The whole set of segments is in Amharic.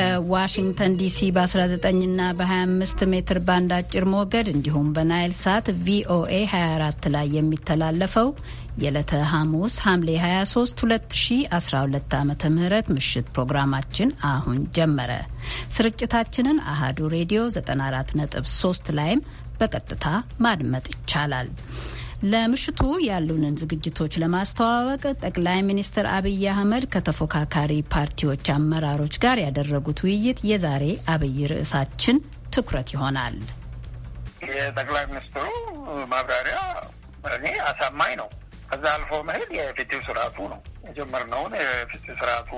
ከዋሽንግተን ዲሲ በ19ና በ25 ሜትር ባንድ አጭር ሞገድ እንዲሁም በናይል ሳት ቪኦኤ 24 ላይ የሚተላለፈው የዕለተ ሐሙስ ሐምሌ 23 2012 ዓ ም ምሽት ፕሮግራማችን አሁን ጀመረ። ስርጭታችንን አሃዱ ሬዲዮ 94.3 ላይም በቀጥታ ማድመጥ ይቻላል። ለምሽቱ ያሉንን ዝግጅቶች ለማስተዋወቅ ጠቅላይ ሚኒስትር አብይ አህመድ ከተፎካካሪ ፓርቲዎች አመራሮች ጋር ያደረጉት ውይይት የዛሬ አብይ ርዕሳችን ትኩረት ይሆናል። የጠቅላይ ሚኒስትሩ ማብራሪያ እኔ አሳማኝ ነው። ከዛ አልፎ መሄድ የፍትህ ስርዓቱ ነው። የጀመርነውን የፍትህ ስርዓቱ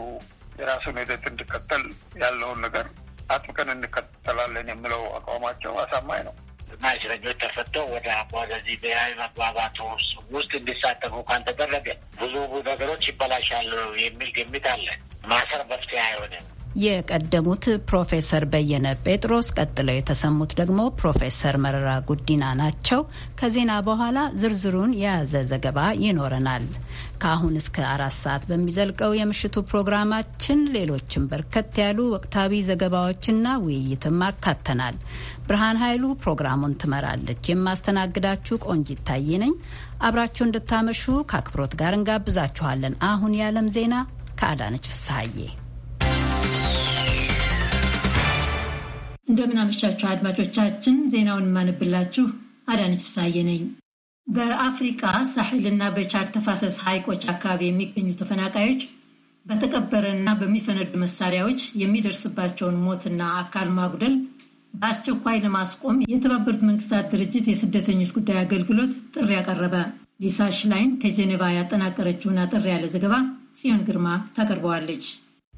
የራሱን ሂደት እንድከተል ያለውን ነገር አጥብቀን እንከተላለን የሚለው አቋማቸው አሳማኝ ነው። እና እስረኞች ተፈተው ወደ ወደዚህ ብሔራዊ መግባባት ውስጥ እንዲሳተፉ ካልተደረገ ብዙ ነገሮች ይበላሻሉ የሚል ግምት አለ። ማሰር መፍትሄ አይሆንም። የቀደሙት ፕሮፌሰር በየነ ጴጥሮስ፣ ቀጥለው የተሰሙት ደግሞ ፕሮፌሰር መረራ ጉዲና ናቸው። ከዜና በኋላ ዝርዝሩን የያዘ ዘገባ ይኖረናል። ከአሁን እስከ አራት ሰዓት በሚዘልቀው የምሽቱ ፕሮግራማችን ሌሎችም በርከት ያሉ ወቅታዊ ዘገባዎችና ውይይትም አካተናል። ብርሃን ኃይሉ ፕሮግራሙን ትመራለች። የማስተናግዳችሁ ቆንጅ ታዬ ነኝ። አብራችሁ እንድታመሹ ከአክብሮት ጋር እንጋብዛችኋለን። አሁን የዓለም ዜና ከአዳነች ፍስሐዬ። እንደምን አመሻችሁ አድማጮቻችን። ዜናውን የማነብላችሁ አዳነች ፍስሐዬ ነኝ። በአፍሪካ ሳሕልና በቻድ ተፋሰስ ሐይቆች አካባቢ የሚገኙ ተፈናቃዮች በተቀበረና በሚፈነዱ መሳሪያዎች የሚደርስባቸውን ሞትና አካል ማጉደል በአስቸኳይ ለማስቆም የተባበሩት መንግስታት ድርጅት የስደተኞች ጉዳይ አገልግሎት ጥሪ ያቀረበ። ሊሳ ሽላይን ከጄኔቫ ያጠናቀረችውን አጠር ያለ ዘገባ ጽዮን ግርማ ታቀርበዋለች።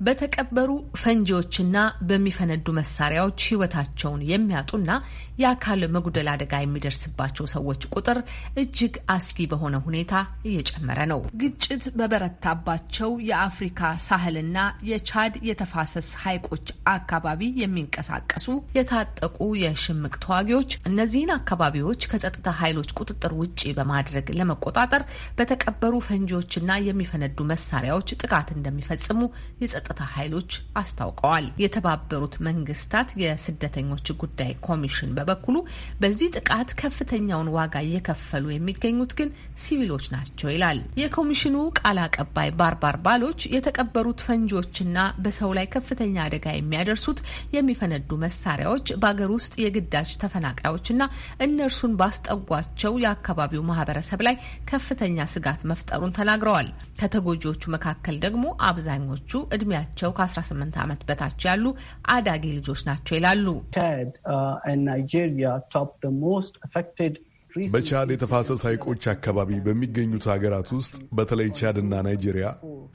በተቀበሩ ፈንጂዎችና በሚፈነዱ መሳሪያዎች ህይወታቸውን የሚያጡና የአካል መጉደል አደጋ የሚደርስባቸው ሰዎች ቁጥር እጅግ አስጊ በሆነ ሁኔታ እየጨመረ ነው። ግጭት በበረታባቸው የአፍሪካ ሳህልና የቻድ የተፋሰስ ሐይቆች አካባቢ የሚንቀሳቀሱ የታጠቁ የሽምቅ ተዋጊዎች እነዚህን አካባቢዎች ከጸጥታ ኃይሎች ቁጥጥር ውጪ በማድረግ ለመቆጣጠር በተቀበሩ ፈንጂዎችና የሚፈነዱ መሳሪያዎች ጥቃት እንደሚፈጽሙ የጸጥታ ኃይሎች አስታውቀዋል። የተባበሩት መንግስታት የስደተኞች ጉዳይ ኮሚሽን በበኩሉ በዚህ ጥቃት ከፍተኛውን ዋጋ እየከፈሉ የሚገኙት ግን ሲቪሎች ናቸው ይላል። የኮሚሽኑ ቃል አቀባይ ባርባር ባሎች የተቀበሩት ፈንጂዎችና በሰው ላይ ከፍተኛ አደጋ የሚያደርሱት የሚፈነዱ መሳሪያዎች በአገር ውስጥ የግዳጅ ተፈናቃዮችና እነርሱን ባስጠጓቸው የአካባቢው ማህበረሰብ ላይ ከፍተኛ ስጋት መፍጠሩን ተናግረዋል። ከተጎጂዎቹ መካከል ደግሞ አብዛኞቹ እድሜ እድሜያቸው ከ18 ዓመት በታች ያሉ አዳጊ ልጆች ናቸው ይላሉ። uh, በቻድ የተፋሰስ ሐይቆች አካባቢ በሚገኙት ሀገራት ውስጥ በተለይ ቻድና ናይጄሪያ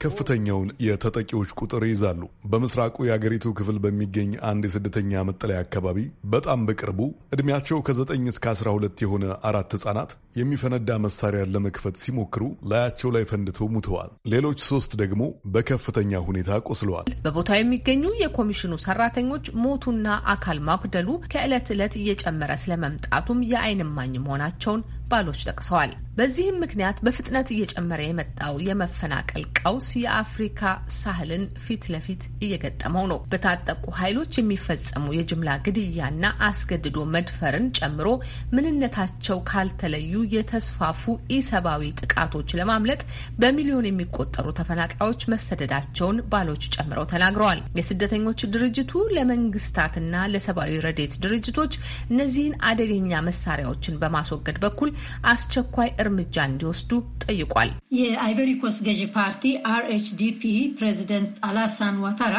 ከፍተኛውን የተጠቂዎች ቁጥር ይይዛሉ። በምስራቁ የአገሪቱ ክፍል በሚገኝ አንድ የስደተኛ መጠለያ አካባቢ በጣም በቅርቡ ዕድሜያቸው ከ9 እስከ 12 የሆነ አራት ሕፃናት የሚፈነዳ መሳሪያን ለመክፈት ሲሞክሩ ላያቸው ላይ ፈንድቶ ሙተዋል። ሌሎች ሶስት ደግሞ በከፍተኛ ሁኔታ ቆስለዋል። በቦታው የሚገኙ የኮሚሽኑ ሰራተኞች ሞቱና አካል ማጉደሉ ከዕለት ዕለት እየጨመረ ስለመምጣቱም የአይን እማኝ መሆናቸው መሆናቸውን ባሎች ጠቅሰዋል። በዚህም ምክንያት በፍጥነት እየጨመረ የመጣው የመፈናቀል ቀውስ የአፍሪካ ሳህልን ፊት ለፊት እየገጠመው ነው። በታጠቁ ኃይሎች የሚፈጸሙ የጅምላ ግድያና አስገድዶ መድፈርን ጨምሮ ምንነታቸው ካልተለዩ የተስፋፉ ኢሰብአዊ ጥቃቶች ለማምለጥ በሚሊዮን የሚቆጠሩ ተፈናቃዮች መሰደዳቸውን ባሎች ጨምረው ተናግረዋል። የስደተኞች ድርጅቱ ለመንግስታትና ለሰብአዊ ረዴት ድርጅቶች እነዚህን አደገኛ መሳሪያዎችን በማስወገድ በኩል አስቸኳይ እርምጃ እንዲወስዱ ጠይቋል። የአይቨሪ ኮስት ገዢ ፓርቲ አርኤችዲፒ ፕሬዚደንት አላሳን ዋታራ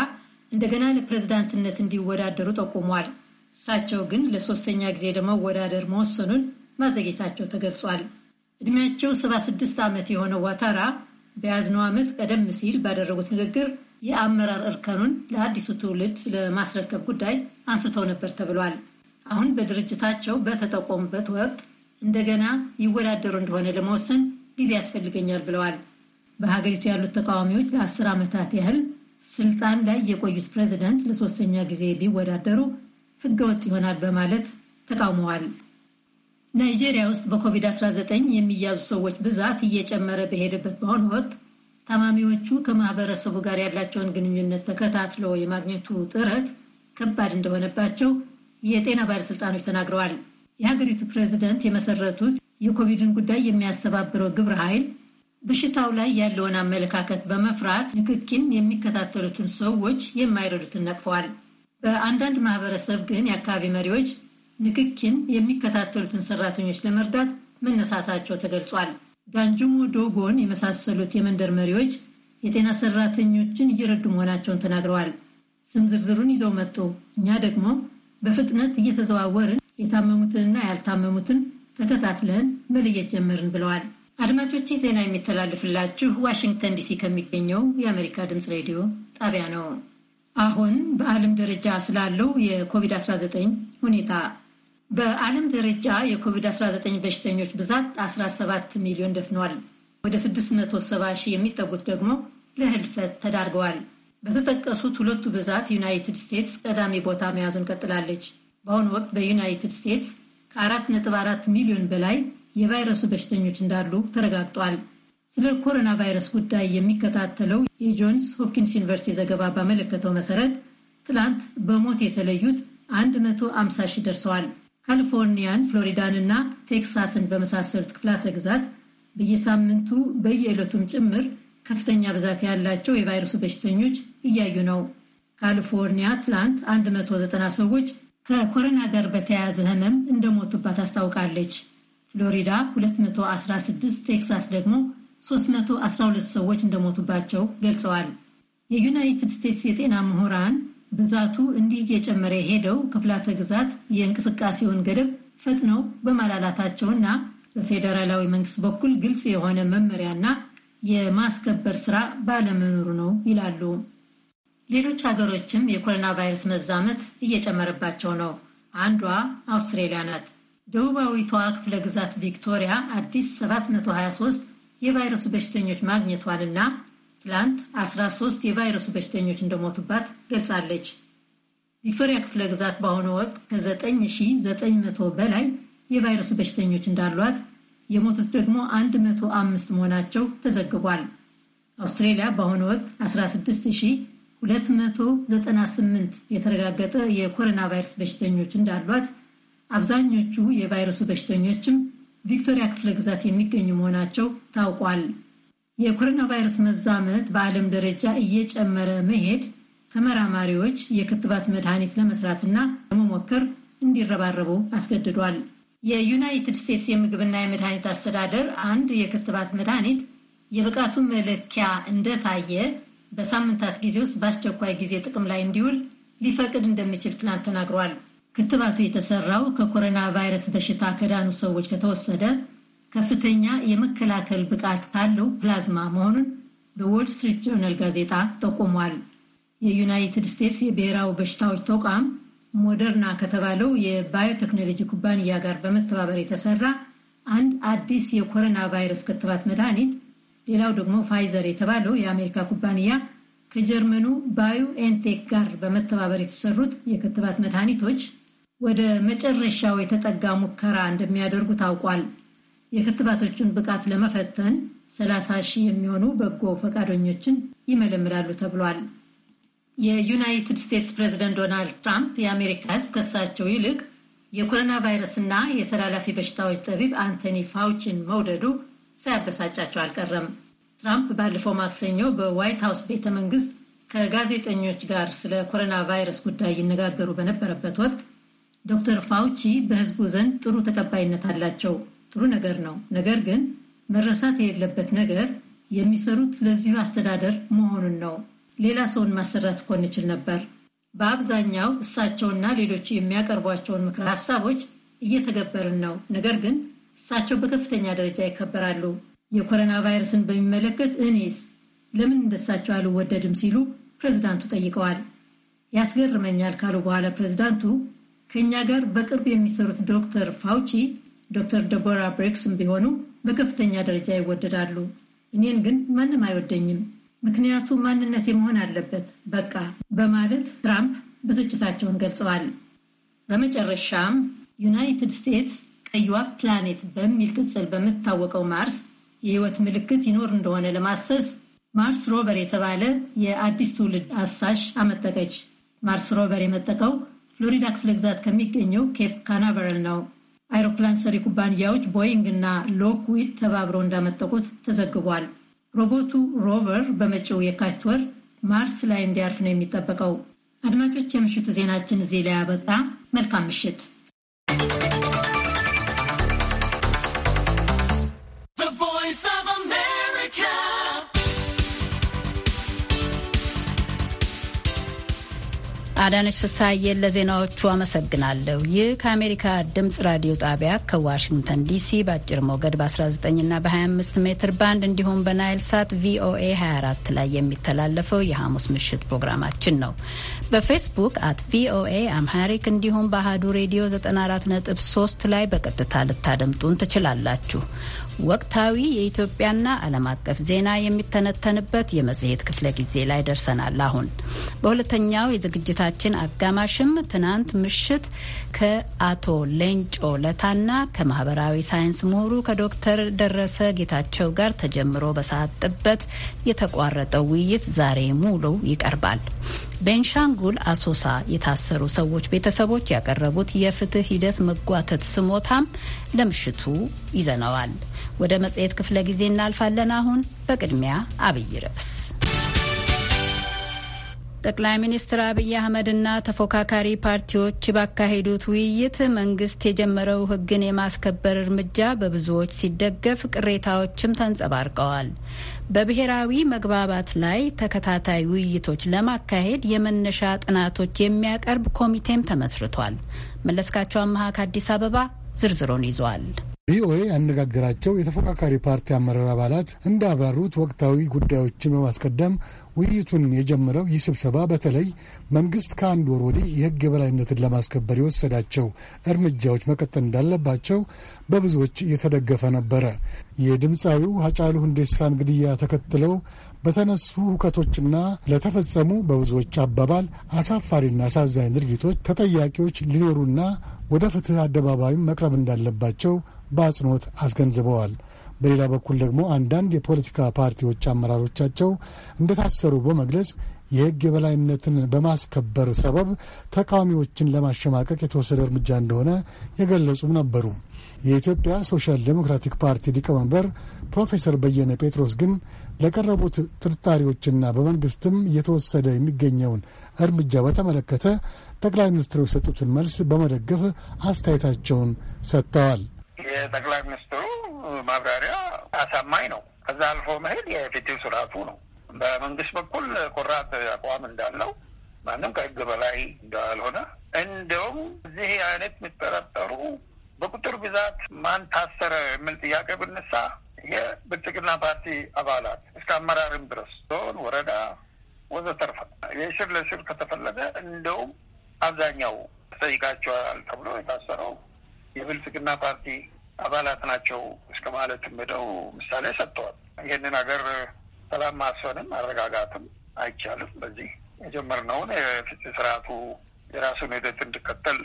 እንደገና ለፕሬዝዳንትነት እንዲወዳደሩ ጠቁሟል። እሳቸው ግን ለሶስተኛ ጊዜ ለመወዳደር መወሰኑን ማዘጌታቸው ተገልጿል። ዕድሜያቸው 76 ዓመት የሆነው ዋታራ በያዝነው ዓመት ቀደም ሲል ባደረጉት ንግግር የአመራር እርከኑን ለአዲሱ ትውልድ ስለማስረከብ ጉዳይ አንስተው ነበር ተብሏል። አሁን በድርጅታቸው በተጠቆሙበት ወቅት እንደገና ይወዳደሩ እንደሆነ ለመወሰን ጊዜ ያስፈልገኛል ብለዋል። በሀገሪቱ ያሉት ተቃዋሚዎች ለአስር ዓመታት ያህል ስልጣን ላይ የቆዩት ፕሬዚደንት ለሶስተኛ ጊዜ ቢወዳደሩ ህገወጥ ይሆናል በማለት ተቃውመዋል። ናይጄሪያ ውስጥ በኮቪድ-19 የሚያዙ ሰዎች ብዛት እየጨመረ በሄደበት በአሁኑ ወቅት ታማሚዎቹ ከማህበረሰቡ ጋር ያላቸውን ግንኙነት ተከታትሎ የማግኘቱ ጥረት ከባድ እንደሆነባቸው የጤና ባለስልጣኖች ተናግረዋል። የሀገሪቱ ፕሬዚደንት የመሰረቱት የኮቪድን ጉዳይ የሚያስተባብረው ግብረ ኃይል በሽታው ላይ ያለውን አመለካከት በመፍራት ንክኪን የሚከታተሉትን ሰዎች የማይረዱትን ነቅፈዋል። በአንዳንድ ማህበረሰብ ግን የአካባቢ መሪዎች ንክኪን የሚከታተሉትን ሰራተኞች ለመርዳት መነሳታቸው ተገልጿል። ዳንጁሞ ዶጎን የመሳሰሉት የመንደር መሪዎች የጤና ሰራተኞችን እየረዱ መሆናቸውን ተናግረዋል። ስም ዝርዝሩን ይዘው መጡ። እኛ ደግሞ በፍጥነት እየተዘዋወርን የታመሙትንና ያልታመሙትን ተከታትለን መለየት ጀመርን ብለዋል። አድማጮች ዜና የሚተላለፍላችሁ ዋሽንግተን ዲሲ ከሚገኘው የአሜሪካ ድምፅ ሬዲዮ ጣቢያ ነው። አሁን በዓለም ደረጃ ስላለው የኮቪድ-19 ሁኔታ በዓለም ደረጃ የኮቪድ-19 በሽተኞች ብዛት 17 ሚሊዮን ደፍነዋል። ወደ 670 ሺህ የሚጠጉት ደግሞ ለህልፈት ተዳርገዋል። በተጠቀሱት ሁለቱ ብዛት ዩናይትድ ስቴትስ ቀዳሚ ቦታ መያዙን ቀጥላለች። በአሁኑ ወቅት በዩናይትድ ስቴትስ ከ አራት ሚሊዮን በላይ የቫይረሱ በሽተኞች እንዳሉ ተረጋግጧል። ስለ ኮሮና ቫይረስ ጉዳይ የሚከታተለው የጆንስ ሆፕኪንስ ዩኒቨርሲቲ ዘገባ ባመለከተው መሰረት ትላንት በሞት የተለዩት 150 ሺህ ደርሰዋል። ካሊፎርኒያን፣ ፍሎሪዳን እና ቴክሳስን በመሳሰሉት ክፍላተ ግዛት በየሳምንቱ በየዕለቱም ጭምር ከፍተኛ ብዛት ያላቸው የቫይረሱ በሽተኞች እያዩ ነው። ካሊፎርኒያ ትላንት 190 ሰዎች ከኮሮና ጋር በተያያዘ ህመም እንደሞቱባት አስታውቃለች። ፍሎሪዳ 216፣ ቴክሳስ ደግሞ 312 ሰዎች እንደሞቱባቸው ገልጸዋል። የዩናይትድ ስቴትስ የጤና ምሁራን ብዛቱ እንዲህ እየጨመረ ሄደው ክፍላተ ግዛት የእንቅስቃሴውን ገደብ ፈጥነው በማላላታቸውና በፌዴራላዊ መንግስት በኩል ግልጽ የሆነ መመሪያና የማስከበር ስራ ባለመኖሩ ነው ይላሉ። ሌሎች ሀገሮችም የኮሮና ቫይረስ መዛመት እየጨመረባቸው ነው። አንዷ አውስትሬሊያ ናት። ደቡባዊቷ ክፍለ ግዛት ቪክቶሪያ አዲስ 723 የቫይረሱ በሽተኞች ማግኘቷንና ትላንት 13 የቫይረሱ በሽተኞች እንደሞቱባት ገልጻለች። ቪክቶሪያ ክፍለ ግዛት በአሁኑ ወቅት ከ9900 በላይ የቫይረሱ በሽተኞች እንዳሏት የሞቱት ደግሞ 105 መሆናቸው ተዘግቧል። አውስትሬሊያ በአሁኑ ወቅት 16 298 የተረጋገጠ የኮሮና ቫይረስ በሽተኞች እንዳሏት፣ አብዛኞቹ የቫይረሱ በሽተኞችም ቪክቶሪያ ክፍለ ግዛት የሚገኙ መሆናቸው ታውቋል። የኮሮና ቫይረስ መዛመት በዓለም ደረጃ እየጨመረ መሄድ ተመራማሪዎች የክትባት መድኃኒት ለመስራትና ለመሞከር እንዲረባረቡ አስገድዷል። የዩናይትድ ስቴትስ የምግብና የመድኃኒት አስተዳደር አንድ የክትባት መድኃኒት የብቃቱ መለኪያ እንደታየ በሳምንታት ጊዜ ውስጥ በአስቸኳይ ጊዜ ጥቅም ላይ እንዲውል ሊፈቅድ እንደሚችል ትናንት ተናግረዋል። ክትባቱ የተሰራው ከኮሮና ቫይረስ በሽታ ከዳኑ ሰዎች ከተወሰደ ከፍተኛ የመከላከል ብቃት ካለው ፕላዝማ መሆኑን በዎል ስትሪት ጆርናል ጋዜጣ ጠቁሟል። የዩናይትድ ስቴትስ የብሔራዊ በሽታዎች ተቋም ሞደርና ከተባለው የባዮቴክኖሎጂ ኩባንያ ጋር በመተባበር የተሰራ አንድ አዲስ የኮሮና ቫይረስ ክትባት መድኃኒት ሌላው ደግሞ ፋይዘር የተባለው የአሜሪካ ኩባንያ ከጀርመኑ ባዩ ኤንቴክ ጋር በመተባበር የተሰሩት የክትባት መድኃኒቶች ወደ መጨረሻው የተጠጋ ሙከራ እንደሚያደርጉ ታውቋል። የክትባቶቹን ብቃት ለመፈተን 30 ሺህ የሚሆኑ በጎ ፈቃደኞችን ይመለምላሉ ተብሏል። የዩናይትድ ስቴትስ ፕሬዚደንት ዶናልድ ትራምፕ የአሜሪካ ሕዝብ ከሳቸው ይልቅ የኮሮና ቫይረስና የተላላፊ በሽታዎች ጠቢብ አንቶኒ ፋውችን መውደዱ ሳያበሳጫቸው አልቀረም። ትራምፕ ባለፈው ማክሰኞ በዋይት ሀውስ ቤተ መንግስት ከጋዜጠኞች ጋር ስለ ኮሮና ቫይረስ ጉዳይ ይነጋገሩ በነበረበት ወቅት ዶክተር ፋውቺ በህዝቡ ዘንድ ጥሩ ተቀባይነት አላቸው፣ ጥሩ ነገር ነው። ነገር ግን መረሳት የሌለበት ነገር የሚሰሩት ለዚሁ አስተዳደር መሆኑን ነው። ሌላ ሰውን ማሰራት እኮ እንችል ነበር። በአብዛኛው እሳቸውና ሌሎቹ የሚያቀርቧቸውን ምክረ ሀሳቦች እየተገበርን ነው። ነገር ግን እሳቸው በከፍተኛ ደረጃ ይከበራሉ። የኮሮና ቫይረስን በሚመለከት እኔስ ለምን እንደሳቸው አልወደድም ሲሉ ፕሬዚዳንቱ ጠይቀዋል። ያስገርመኛል ካሉ በኋላ ፕሬዚዳንቱ ከእኛ ጋር በቅርብ የሚሰሩት ዶክተር ፋውቺ፣ ዶክተር ደቦራ ብሬክስም ቢሆኑ በከፍተኛ ደረጃ ይወደዳሉ። እኔን ግን ማንም አይወደኝም፣ ምክንያቱ ማንነት መሆን አለበት፣ በቃ በማለት ትራምፕ ብስጭታቸውን ገልጸዋል። በመጨረሻም ዩናይትድ ስቴትስ ቀይዋ ፕላኔት በሚል ቅጽል በምትታወቀው ማርስ የህይወት ምልክት ይኖር እንደሆነ ለማሰስ ማርስ ሮቨር የተባለ የአዲስ ትውልድ አሳሽ አመጠቀች። ማርስ ሮቨር የመጠቀው ፍሎሪዳ ክፍለ ግዛት ከሚገኘው ኬፕ ካናቨረል ነው። አይሮፕላን ሰሪ ኩባንያዎች ቦይንግ እና ሎክዊድ ተባብረው እንዳመጠቁት ተዘግቧል። ሮቦቱ ሮቨር በመጪው የካቲት ወር ማርስ ላይ እንዲያርፍ ነው የሚጠበቀው። አድማጮች፣ የምሽቱ ዜናችን እዚህ ላይ አበጣ መልካም ምሽት። አዳነች ፍስሐዬን ለዜናዎቹ አመሰግናለሁ። ይህ ከአሜሪካ ድምጽ ራዲዮ ጣቢያ ከዋሽንግተን ዲሲ በአጭር ሞገድ በ19ና በ25 ሜትር ባንድ እንዲሁም በናይል ሳት ቪኦኤ 24 ላይ የሚተላለፈው የሐሙስ ምሽት ፕሮግራማችን ነው። በፌስቡክ አት ቪኦኤ አምሃሪክ እንዲሁም በአህዱ ሬዲዮ 94.3 ላይ በቀጥታ ልታደምጡን ትችላላችሁ። ወቅታዊ የኢትዮጵያና ዓለም አቀፍ ዜና የሚተነተንበት የመጽሔት ክፍለ ጊዜ ላይ ደርሰናል። አሁን በሁለተኛው የዝግጅታችን አጋማሽም ትናንት ምሽት ከአቶ ሌንጮ ለታና ከማህበራዊ ሳይንስ ምሁሩ ከዶክተር ደረሰ ጌታቸው ጋር ተጀምሮ በሰዓት ጥበት የተቋረጠው ውይይት ዛሬ ሙሉ ይቀርባል። ቤንሻንጉል አሶሳ የታሰሩ ሰዎች ቤተሰቦች ያቀረቡት የፍትህ ሂደት መጓተት ስሞታም ለምሽቱ ይዘነዋል። ወደ መጽሔት ክፍለ ጊዜ እናልፋለን። አሁን በቅድሚያ አብይ ርዕስ ጠቅላይ ሚኒስትር አብይ አህመድና ተፎካካሪ ፓርቲዎች ባካሄዱት ውይይት መንግስት የጀመረው ሕግን የማስከበር እርምጃ በብዙዎች ሲደገፍ ቅሬታዎችም ተንጸባርቀዋል። በብሔራዊ መግባባት ላይ ተከታታይ ውይይቶች ለማካሄድ የመነሻ ጥናቶች የሚያቀርብ ኮሚቴም ተመስርቷል። መለስካቸው አመሃ ከአዲስ አበባ ዝርዝሩን ይዟል። ቪኦኤ ያነጋገራቸው የተፎካካሪ ፓርቲ አመራር አባላት እንዳብራሩት ወቅታዊ ጉዳዮችን በማስቀደም ውይይቱን የጀመረው ይህ ስብሰባ በተለይ መንግስት ከአንድ ወር ወዲህ የህግ የበላይነትን ለማስከበር የወሰዳቸው እርምጃዎች መቀጠል እንዳለባቸው በብዙዎች እየተደገፈ ነበረ። የድምፃዊው ሀጫሉ ሁንዴሳን ግድያ ተከትለው በተነሱ ሁከቶችና ለተፈጸሙ በብዙዎች አባባል አሳፋሪና አሳዛኝ ድርጊቶች ተጠያቂዎች ሊኖሩና ወደ ፍትህ አደባባይም መቅረብ እንዳለባቸው በአጽንኦት አስገንዝበዋል። በሌላ በኩል ደግሞ አንዳንድ የፖለቲካ ፓርቲዎች አመራሮቻቸው እንደታሰሩ በመግለጽ የሕግ የበላይነትን በማስከበር ሰበብ ተቃዋሚዎችን ለማሸማቀቅ የተወሰደ እርምጃ እንደሆነ የገለጹም ነበሩ። የኢትዮጵያ ሶሻል ዴሞክራቲክ ፓርቲ ሊቀመንበር ፕሮፌሰር በየነ ጴጥሮስ ግን ለቀረቡት ጥርጣሬዎችና በመንግስትም እየተወሰደ የሚገኘውን እርምጃ በተመለከተ ጠቅላይ ሚኒስትሩ የሰጡትን መልስ በመደገፍ አስተያየታቸውን ሰጥተዋል። የጠቅላይ ሚኒስትሩ ማብራሪያ አሳማኝ ነው። ከዛ አልፎ መሄድ የፍትህ ስርዓቱ ነው። በመንግስት በኩል ቆራጥ አቋም እንዳለው ማንም ከህግ በላይ እንዳልሆነ እንደውም እዚህ አይነት የሚጠረጠሩ በቁጥር ብዛት ማን ታሰረ የሚል ጥያቄ ብነሳ የብልጽግና ፓርቲ አባላት እስከ አመራርም ድረስ ዞን፣ ወረዳ ወዘተርፈ የሽር ለሽር ከተፈለገ እንደውም አብዛኛው ተጠይቃቸዋል ተብሎ የታሰረው የብልጽግና ፓርቲ አባላት ናቸው እስከ ማለት ምደው ምሳሌ ሰጥተዋል። ይህንን ሀገር ሰላም ማስፈንም ማረጋጋትም አይቻልም። በዚህ የጀመርነውን የፍትህ ስርዓቱ የራሱን ሂደት እንዲከተል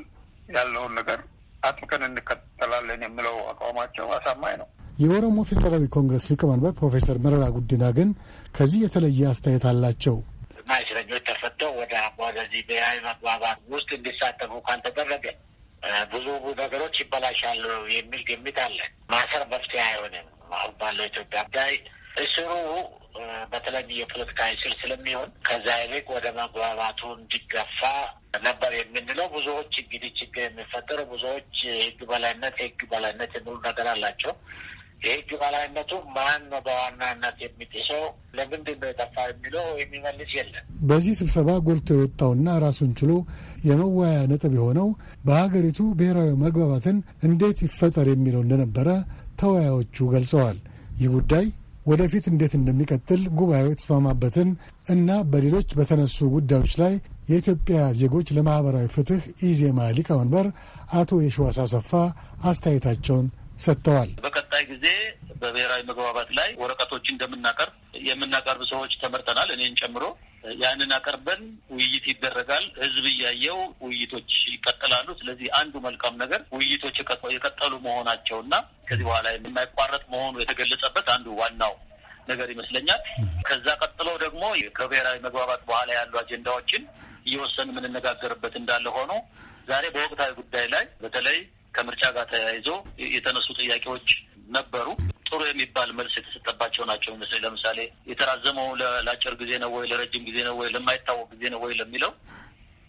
ያለውን ነገር አጥብቀን እንከተላለን የሚለው አቋማቸው አሳማኝ ነው። የኦሮሞ ፌዴራላዊ ኮንግረስ ሊቀመንበር ፕሮፌሰር መረራ ጉዲና ግን ከዚህ የተለየ አስተያየት አላቸው እና እስረኞች ተፈተው ወደ አቧዘዚ ብሔራዊ መግባባት ውስጥ እንዲሳተፉ ካልተደረገ ብዙ ነገሮች ይበላሻሉ የሚል ግምት አለ። ማሰር መፍትሄ አይሆንም። አሁን ባለው ኢትዮጵያ ጉዳይ እስሩ በተለይ የፖለቲካ እስር ስለሚሆን ከዛ ይልቅ ወደ መግባባቱ እንዲገፋ ነበር የምንለው። ብዙዎች እንግዲህ ችግር የሚፈጠሩ ብዙዎች ህግ በላይነት ህግ በላይነት የሚሉ ነገር አላቸው። የህግ በላይነቱ ማን ነው በዋናነት የሚጥሰው፣ ለምንድን ነው የጠፋ የሚለው የሚመልስ የለም። በዚህ ስብሰባ ጎልቶ የወጣውና ራሱን ችሎ የመወያያ ነጥብ የሆነው በሀገሪቱ ብሔራዊ መግባባትን እንዴት ይፈጠር የሚለው እንደነበረ ተወያዮቹ ገልጸዋል። ይህ ጉዳይ ወደፊት እንዴት እንደሚቀጥል ጉባኤው የተስማማበትን እና በሌሎች በተነሱ ጉዳዮች ላይ የኢትዮጵያ ዜጎች ለማኅበራዊ ፍትህ ኢዜማ ሊቀመንበር አቶ የሸዋስ አሰፋ አስተያየታቸውን ሰጥተዋል። ጊዜ በብሔራዊ መግባባት ላይ ወረቀቶች እንደምናቀርብ የምናቀርብ ሰዎች ተመርጠናል፣ እኔን ጨምሮ። ያንን አቀርበን ውይይት ይደረጋል። ህዝብ እያየው ውይይቶች ይቀጥላሉ። ስለዚህ አንዱ መልካም ነገር ውይይቶች የቀጠሉ መሆናቸው እና ከዚህ በኋላ የማይቋረጥ መሆኑ የተገለጸበት አንዱ ዋናው ነገር ይመስለኛል። ከዛ ቀጥሎ ደግሞ ከብሔራዊ መግባባት በኋላ ያሉ አጀንዳዎችን እየወሰን የምንነጋገርበት እንዳለ ሆኖ ዛሬ በወቅታዊ ጉዳይ ላይ በተለይ ከምርጫ ጋር ተያይዞ የተነሱ ጥያቄዎች ነበሩ። ጥሩ የሚባል መልስ የተሰጠባቸው ናቸው ይመስለኝ። ለምሳሌ የተራዘመው ለአጭር ጊዜ ነው ወይ ለረጅም ጊዜ ነው ወይ ለማይታወቅ ጊዜ ነው ወይ ለሚለው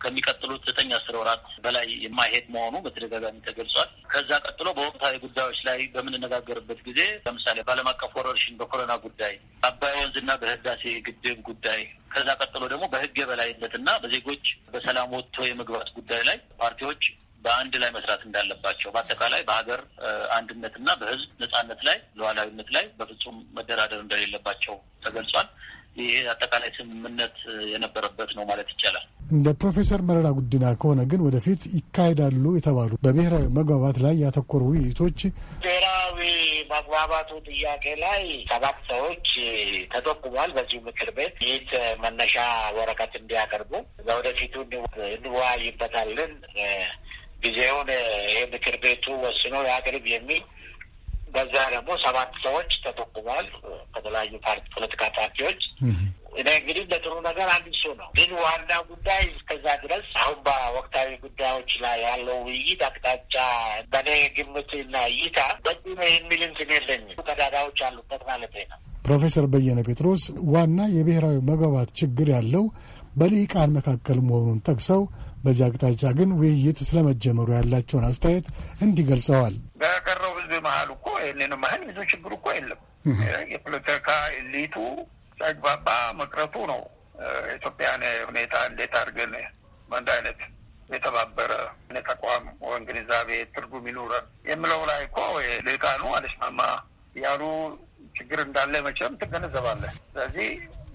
ከሚቀጥሉት ዘጠኝ አስር ወራት በላይ የማይሄድ መሆኑ በተደጋጋሚ ተገልጿል። ከዛ ቀጥሎ በወቅታዊ ጉዳዮች ላይ በምንነጋገርበት ጊዜ ለምሳሌ በዓለም አቀፍ ወረርሽኝ በኮሮና ጉዳይ፣ በአባይ ወንዝና በህዳሴ ግድብ ጉዳይ፣ ከዛ ቀጥሎ ደግሞ በህግ የበላይነትና በዜጎች በሰላም ወጥቶ የመግባት ጉዳይ ላይ ፓርቲዎች በአንድ ላይ መስራት እንዳለባቸው በአጠቃላይ በሀገር አንድነትና በህዝብ ነጻነት ላይ ሉዓላዊነት ላይ በፍጹም መደራደር እንደሌለባቸው ተገልጿል። ይሄ አጠቃላይ ስምምነት የነበረበት ነው ማለት ይቻላል። እንደ ፕሮፌሰር መረራ ጉዲና ከሆነ ግን ወደፊት ይካሄዳሉ የተባሉ በብሔራዊ መግባባት ላይ ያተኮሩ ውይይቶች ብሔራዊ መግባባቱ ጥያቄ ላይ ሰባት ሰዎች ተጠቁሟል። በዚሁ ምክር ቤት ይህት መነሻ ወረቀት እንዲያቀርቡ በወደፊቱ እንወያይበታለን ጊዜውን የምክር ቤቱ ወስኖ የአቅርብ የሚል በዛ ደግሞ ሰባት ሰዎች ተጠቁሟል ከተለያዩ ፖለቲካ ፓርቲዎች። እኔ እንግዲህ ለጥሩ ነገር አንድ ሰው ነው። ግን ዋና ጉዳይ እስከዛ ድረስ አሁን በወቅታዊ ጉዳዮች ላይ ያለው ውይይት አቅጣጫ በኔ ግምት እይታ በቂ ነው የሚል እንትን የለኝም። ቀዳዳዎች አሉበት ማለት ነው። ፕሮፌሰር በየነ ጴጥሮስ ዋና የብሔራዊ መግባባት ችግር ያለው በልሂቃን መካከል መሆኑን ጠቅሰው በዚህ አቅጣጫ ግን ውይይት ስለመጀመሩ ያላቸውን አስተያየት እንዲህ ገልጸዋል። በቀረው ህዝብ መሀል እኮ ይህንን መሀል ብዙ ችግር እኮ የለም። የፖለቲካ ኤሊቱ ጸግባባ መቅረቱ ነው ኢትዮጵያን ሁኔታ እንዴት አድርገን በአንድ አይነት የተባበረ ተቋም ወይም ግንዛቤ ትርጉም ይኑረን የምለው ላይ እኮ ልሂቃኑ አልስማማ ያሉ ችግር እንዳለ መቼም ትገነዘባለህ። ስለዚህ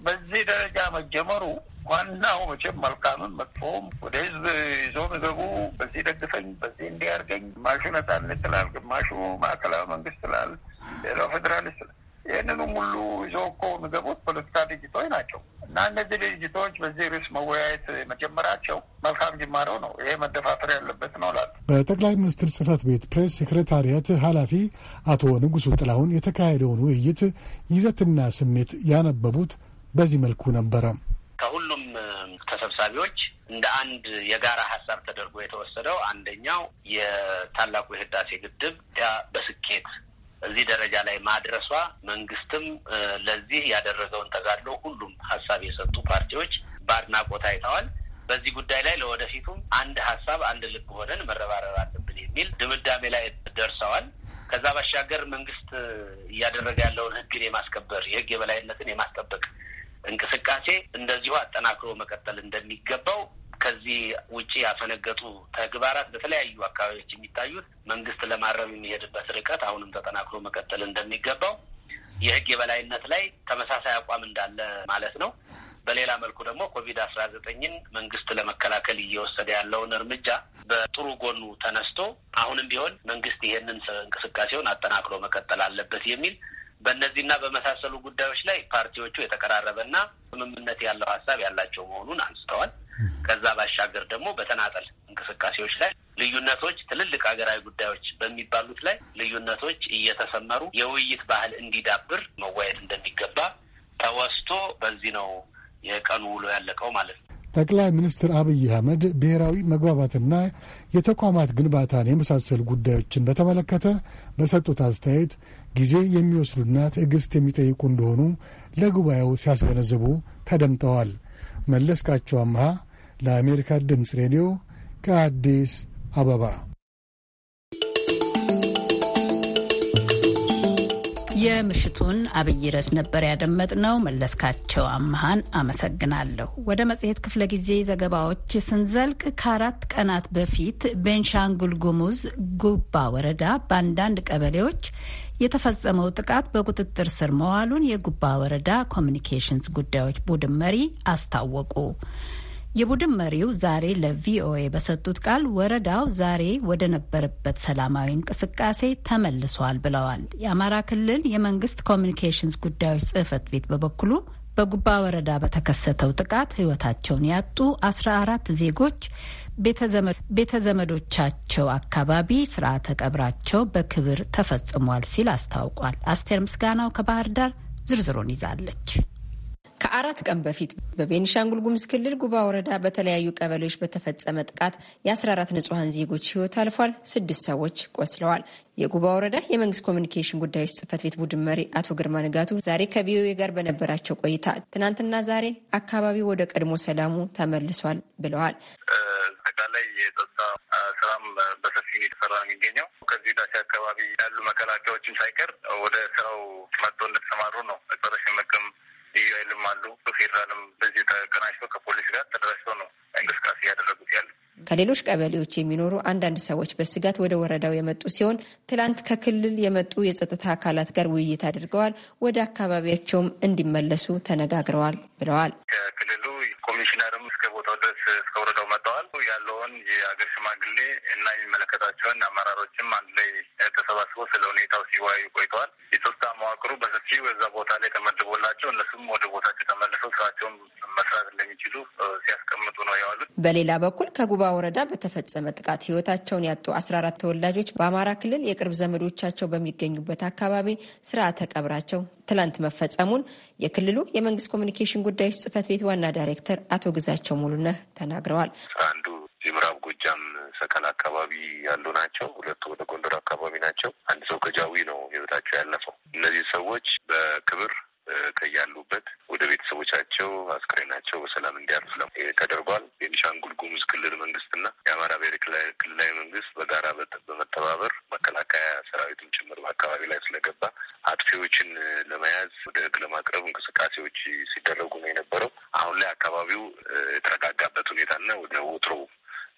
በዚህ ደረጃ መጀመሩ ዋናው መቼም መልካምን መጥፎም ወደ ህዝብ ይዞ ምገቡ በዚህ ደግፈኝ በዚህ እንዲያርገኝ ግማሹ ነጻነት ትላል፣ ግማሹ ማዕከላዊ መንግስት ትላል፣ ሌላው ፌዴራሊስት ትላል። ይህንንም ሁሉ ይዞ እኮ ምገቡት ፖለቲካ ድርጅቶች ናቸው እና እነዚህ ድርጅቶች በዚህ ርዕስ መወያየት መጀመራቸው መልካም ጅማሮ ነው። ይሄ መደፋፈር ያለበት ነው ላል በጠቅላይ ሚኒስትር ጽህፈት ቤት ፕሬስ ሴክሬታሪያት ኃላፊ አቶ ንጉሱ ጥላሁን የተካሄደውን ውይይት ይዘትና ስሜት ያነበቡት በዚህ መልኩ ነበረ። ከሁሉም ተሰብሳቢዎች እንደ አንድ የጋራ ሀሳብ ተደርጎ የተወሰደው አንደኛው የታላቁ የህዳሴ ግድብ በስኬት እዚህ ደረጃ ላይ ማድረሷ መንግስትም ለዚህ ያደረገውን ተጋድሎ ሁሉም ሀሳብ የሰጡ ፓርቲዎች በአድናቆት አይተዋል። በዚህ ጉዳይ ላይ ለወደፊቱም አንድ ሀሳብ አንድ ልብ ሆነን መረባረብ አለብን የሚል ድምዳሜ ላይ ደርሰዋል። ከዛ ባሻገር መንግስት እያደረገ ያለውን ህግን የማስከበር የህግ የበላይነትን የማስጠበቅ እንቅስቃሴ እንደዚሁ አጠናክሮ መቀጠል እንደሚገባው ከዚህ ውጪ ያፈነገጡ ተግባራት በተለያዩ አካባቢዎች የሚታዩት መንግስት ለማረም የሚሄድበት ርቀት አሁንም ተጠናክሮ መቀጠል እንደሚገባው የህግ የበላይነት ላይ ተመሳሳይ አቋም እንዳለ ማለት ነው። በሌላ መልኩ ደግሞ ኮቪድ አስራ ዘጠኝን መንግስት ለመከላከል እየወሰደ ያለውን እርምጃ በጥሩ ጎኑ ተነስቶ አሁንም ቢሆን መንግስት ይሄንን እንቅስቃሴውን አጠናክሮ መቀጠል አለበት የሚል በእነዚህና በመሳሰሉ ጉዳዮች ላይ ፓርቲዎቹ የተቀራረበና ስምምነት ያለው ሀሳብ ያላቸው መሆኑን አንስተዋል። ከዛ ባሻገር ደግሞ በተናጠል እንቅስቃሴዎች ላይ ልዩነቶች፣ ትልልቅ ሀገራዊ ጉዳዮች በሚባሉት ላይ ልዩነቶች እየተሰመሩ የውይይት ባህል እንዲዳብር መዋየት እንደሚገባ ተወስቶ በዚህ ነው የቀኑ ውሎ ያለቀው ማለት ነው። ጠቅላይ ሚኒስትር አብይ አህመድ ብሔራዊ መግባባትና የተቋማት ግንባታን የመሳሰሉ ጉዳዮችን በተመለከተ በሰጡት አስተያየት ጊዜ የሚወስዱና ትዕግስት የሚጠይቁ እንደሆኑ ለጉባኤው ሲያስገነዝቡ ተደምጠዋል። መለስካቸው አምሃ ለአሜሪካ ድምፅ ሬዲዮ ከአዲስ አበባ። የምሽቱን አብይ ርዕስ ነበር ያደመጥነው። መለስካቸው አመሃን አመሰግናለሁ። ወደ መጽሔት ክፍለ ጊዜ ዘገባዎች ስንዘልቅ ከአራት ቀናት በፊት ቤንሻንጉል ጉሙዝ ጉባ ወረዳ በአንዳንድ ቀበሌዎች የተፈጸመው ጥቃት በቁጥጥር ስር መዋሉን የጉባ ወረዳ ኮሚኒኬሽንስ ጉዳዮች ቡድን መሪ አስታወቁ። የቡድን መሪው ዛሬ ለቪኦኤ በሰጡት ቃል ወረዳው ዛሬ ወደ ነበረበት ሰላማዊ እንቅስቃሴ ተመልሷል ብለዋል። የአማራ ክልል የመንግስት ኮሚኒኬሽንስ ጉዳዮች ጽህፈት ቤት በበኩሉ በጉባ ወረዳ በተከሰተው ጥቃት ህይወታቸውን ያጡ አስራ አራት ዜጎች ቤተዘመዶቻቸው አካባቢ ስርዓተ ቀብራቸው በክብር ተፈጽሟል ሲል አስታውቋል። አስቴር ምስጋናው ከባህር ዳር ዝርዝሩን ይዛለች። ከአራት ቀን በፊት በቤኒሻንጉል ጉምዝ ክልል ጉባ ወረዳ በተለያዩ ቀበሌዎች በተፈጸመ ጥቃት የ14 ንጹሐን ዜጎች ህይወት አልፏል። ስድስት ሰዎች ቆስለዋል። የጉባ ወረዳ የመንግስት ኮሚኒኬሽን ጉዳዮች ጽህፈት ቤት ቡድን መሪ አቶ ግርማ ንጋቱ ዛሬ ከቪኦኤ ጋር በነበራቸው ቆይታ ትናንትና ዛሬ አካባቢው ወደ ቀድሞ ሰላሙ ተመልሷል ብለዋል። አጠቃላይ የጸጥታ ስራም በሰፊ እየተሰራ ነው የሚገኘው። ከዚህ ዳሴ አካባቢ ያሉ መከላከያዎችን ሳይቀር ወደ ስራው መጥቶ እንደተሰማሩ ነው ጸረ ሽምቅም ልዩ ኃይልም አሉ። በፌዴራልም በዚህ ተቀናጅተው ከፖሊስ ጋር ተደራጅተው ነው እንቅስቃሴ ያደረጉት ያሉ ከሌሎች ቀበሌዎች የሚኖሩ አንዳንድ ሰዎች በስጋት ወደ ወረዳው የመጡ ሲሆን ትላንት ከክልል የመጡ የጸጥታ አካላት ጋር ውይይት አድርገዋል። ወደ አካባቢያቸውም እንዲመለሱ ተነጋግረዋል ብለዋል። ከክልሉ ኮሚሽነርም እስከ ቦታው ድረስ እስከ ወረዳው መጥተዋል። ያለውን የሀገር ሽማግሌ እና የሚመለከታቸውን አመራሮችም አንድ ላይ ተሰባስቦ ስለ ሁኔታው ሲወያዩ ቆይተዋል። የሶስት መዋቅሩ በሰፊው በዛ ቦታ ላይ ተመድቦላቸው እነሱም ወደ ቦታቸው ተመልሰው ስራቸውን መስራት እንደሚችሉ ሲያስቀምጡ ነው ያሉት። በሌላ በኩል ከጉባ ወረዳ በተፈጸመ ጥቃት ህይወታቸውን ያጡ አስራ አራት ተወላጆች በአማራ ክልል የቅርብ ዘመዶቻቸው በሚገኙበት አካባቢ ስርዓተ ቀብራቸው ትላንት መፈጸሙን የክልሉ የመንግስት ኮሚኒኬሽን ጉዳዮች ጽህፈት ቤት ዋና ዳይሬክተር አቶ ግዛቸው ሙሉነህ ተናግረዋል። አንዱ የምዕራብ ጎጃም ሰቀል አካባቢ ያሉ ናቸው። ሁለቱ ወደ ጎንደር አካባቢ ናቸው። አንድ ሰው ከጃዊ ነው ህይወታቸው ያለፈው። እነዚህ ሰዎች በክብር ከያሉበት ወደ ቤተሰቦቻቸው አስክሬናቸው በሰላም እንዲያርፍ ተደርጓል። የቤኒሻንጉል ጉሙዝ ክልል መንግስትና የአማራ ብሔራዊ ክልላዊ መንግስት በጋራ በመተባበር መከላከያ ሰራዊትም ጭምር በአካባቢ ላይ ስለገባ አጥፊዎችን ለመያዝ ወደ ህግ ለማቅረብ እንቅስቃሴዎች ሲደረጉ ነው የነበረው። አሁን ላይ አካባቢው የተረጋጋበት ሁኔታና ወደ ወትሮው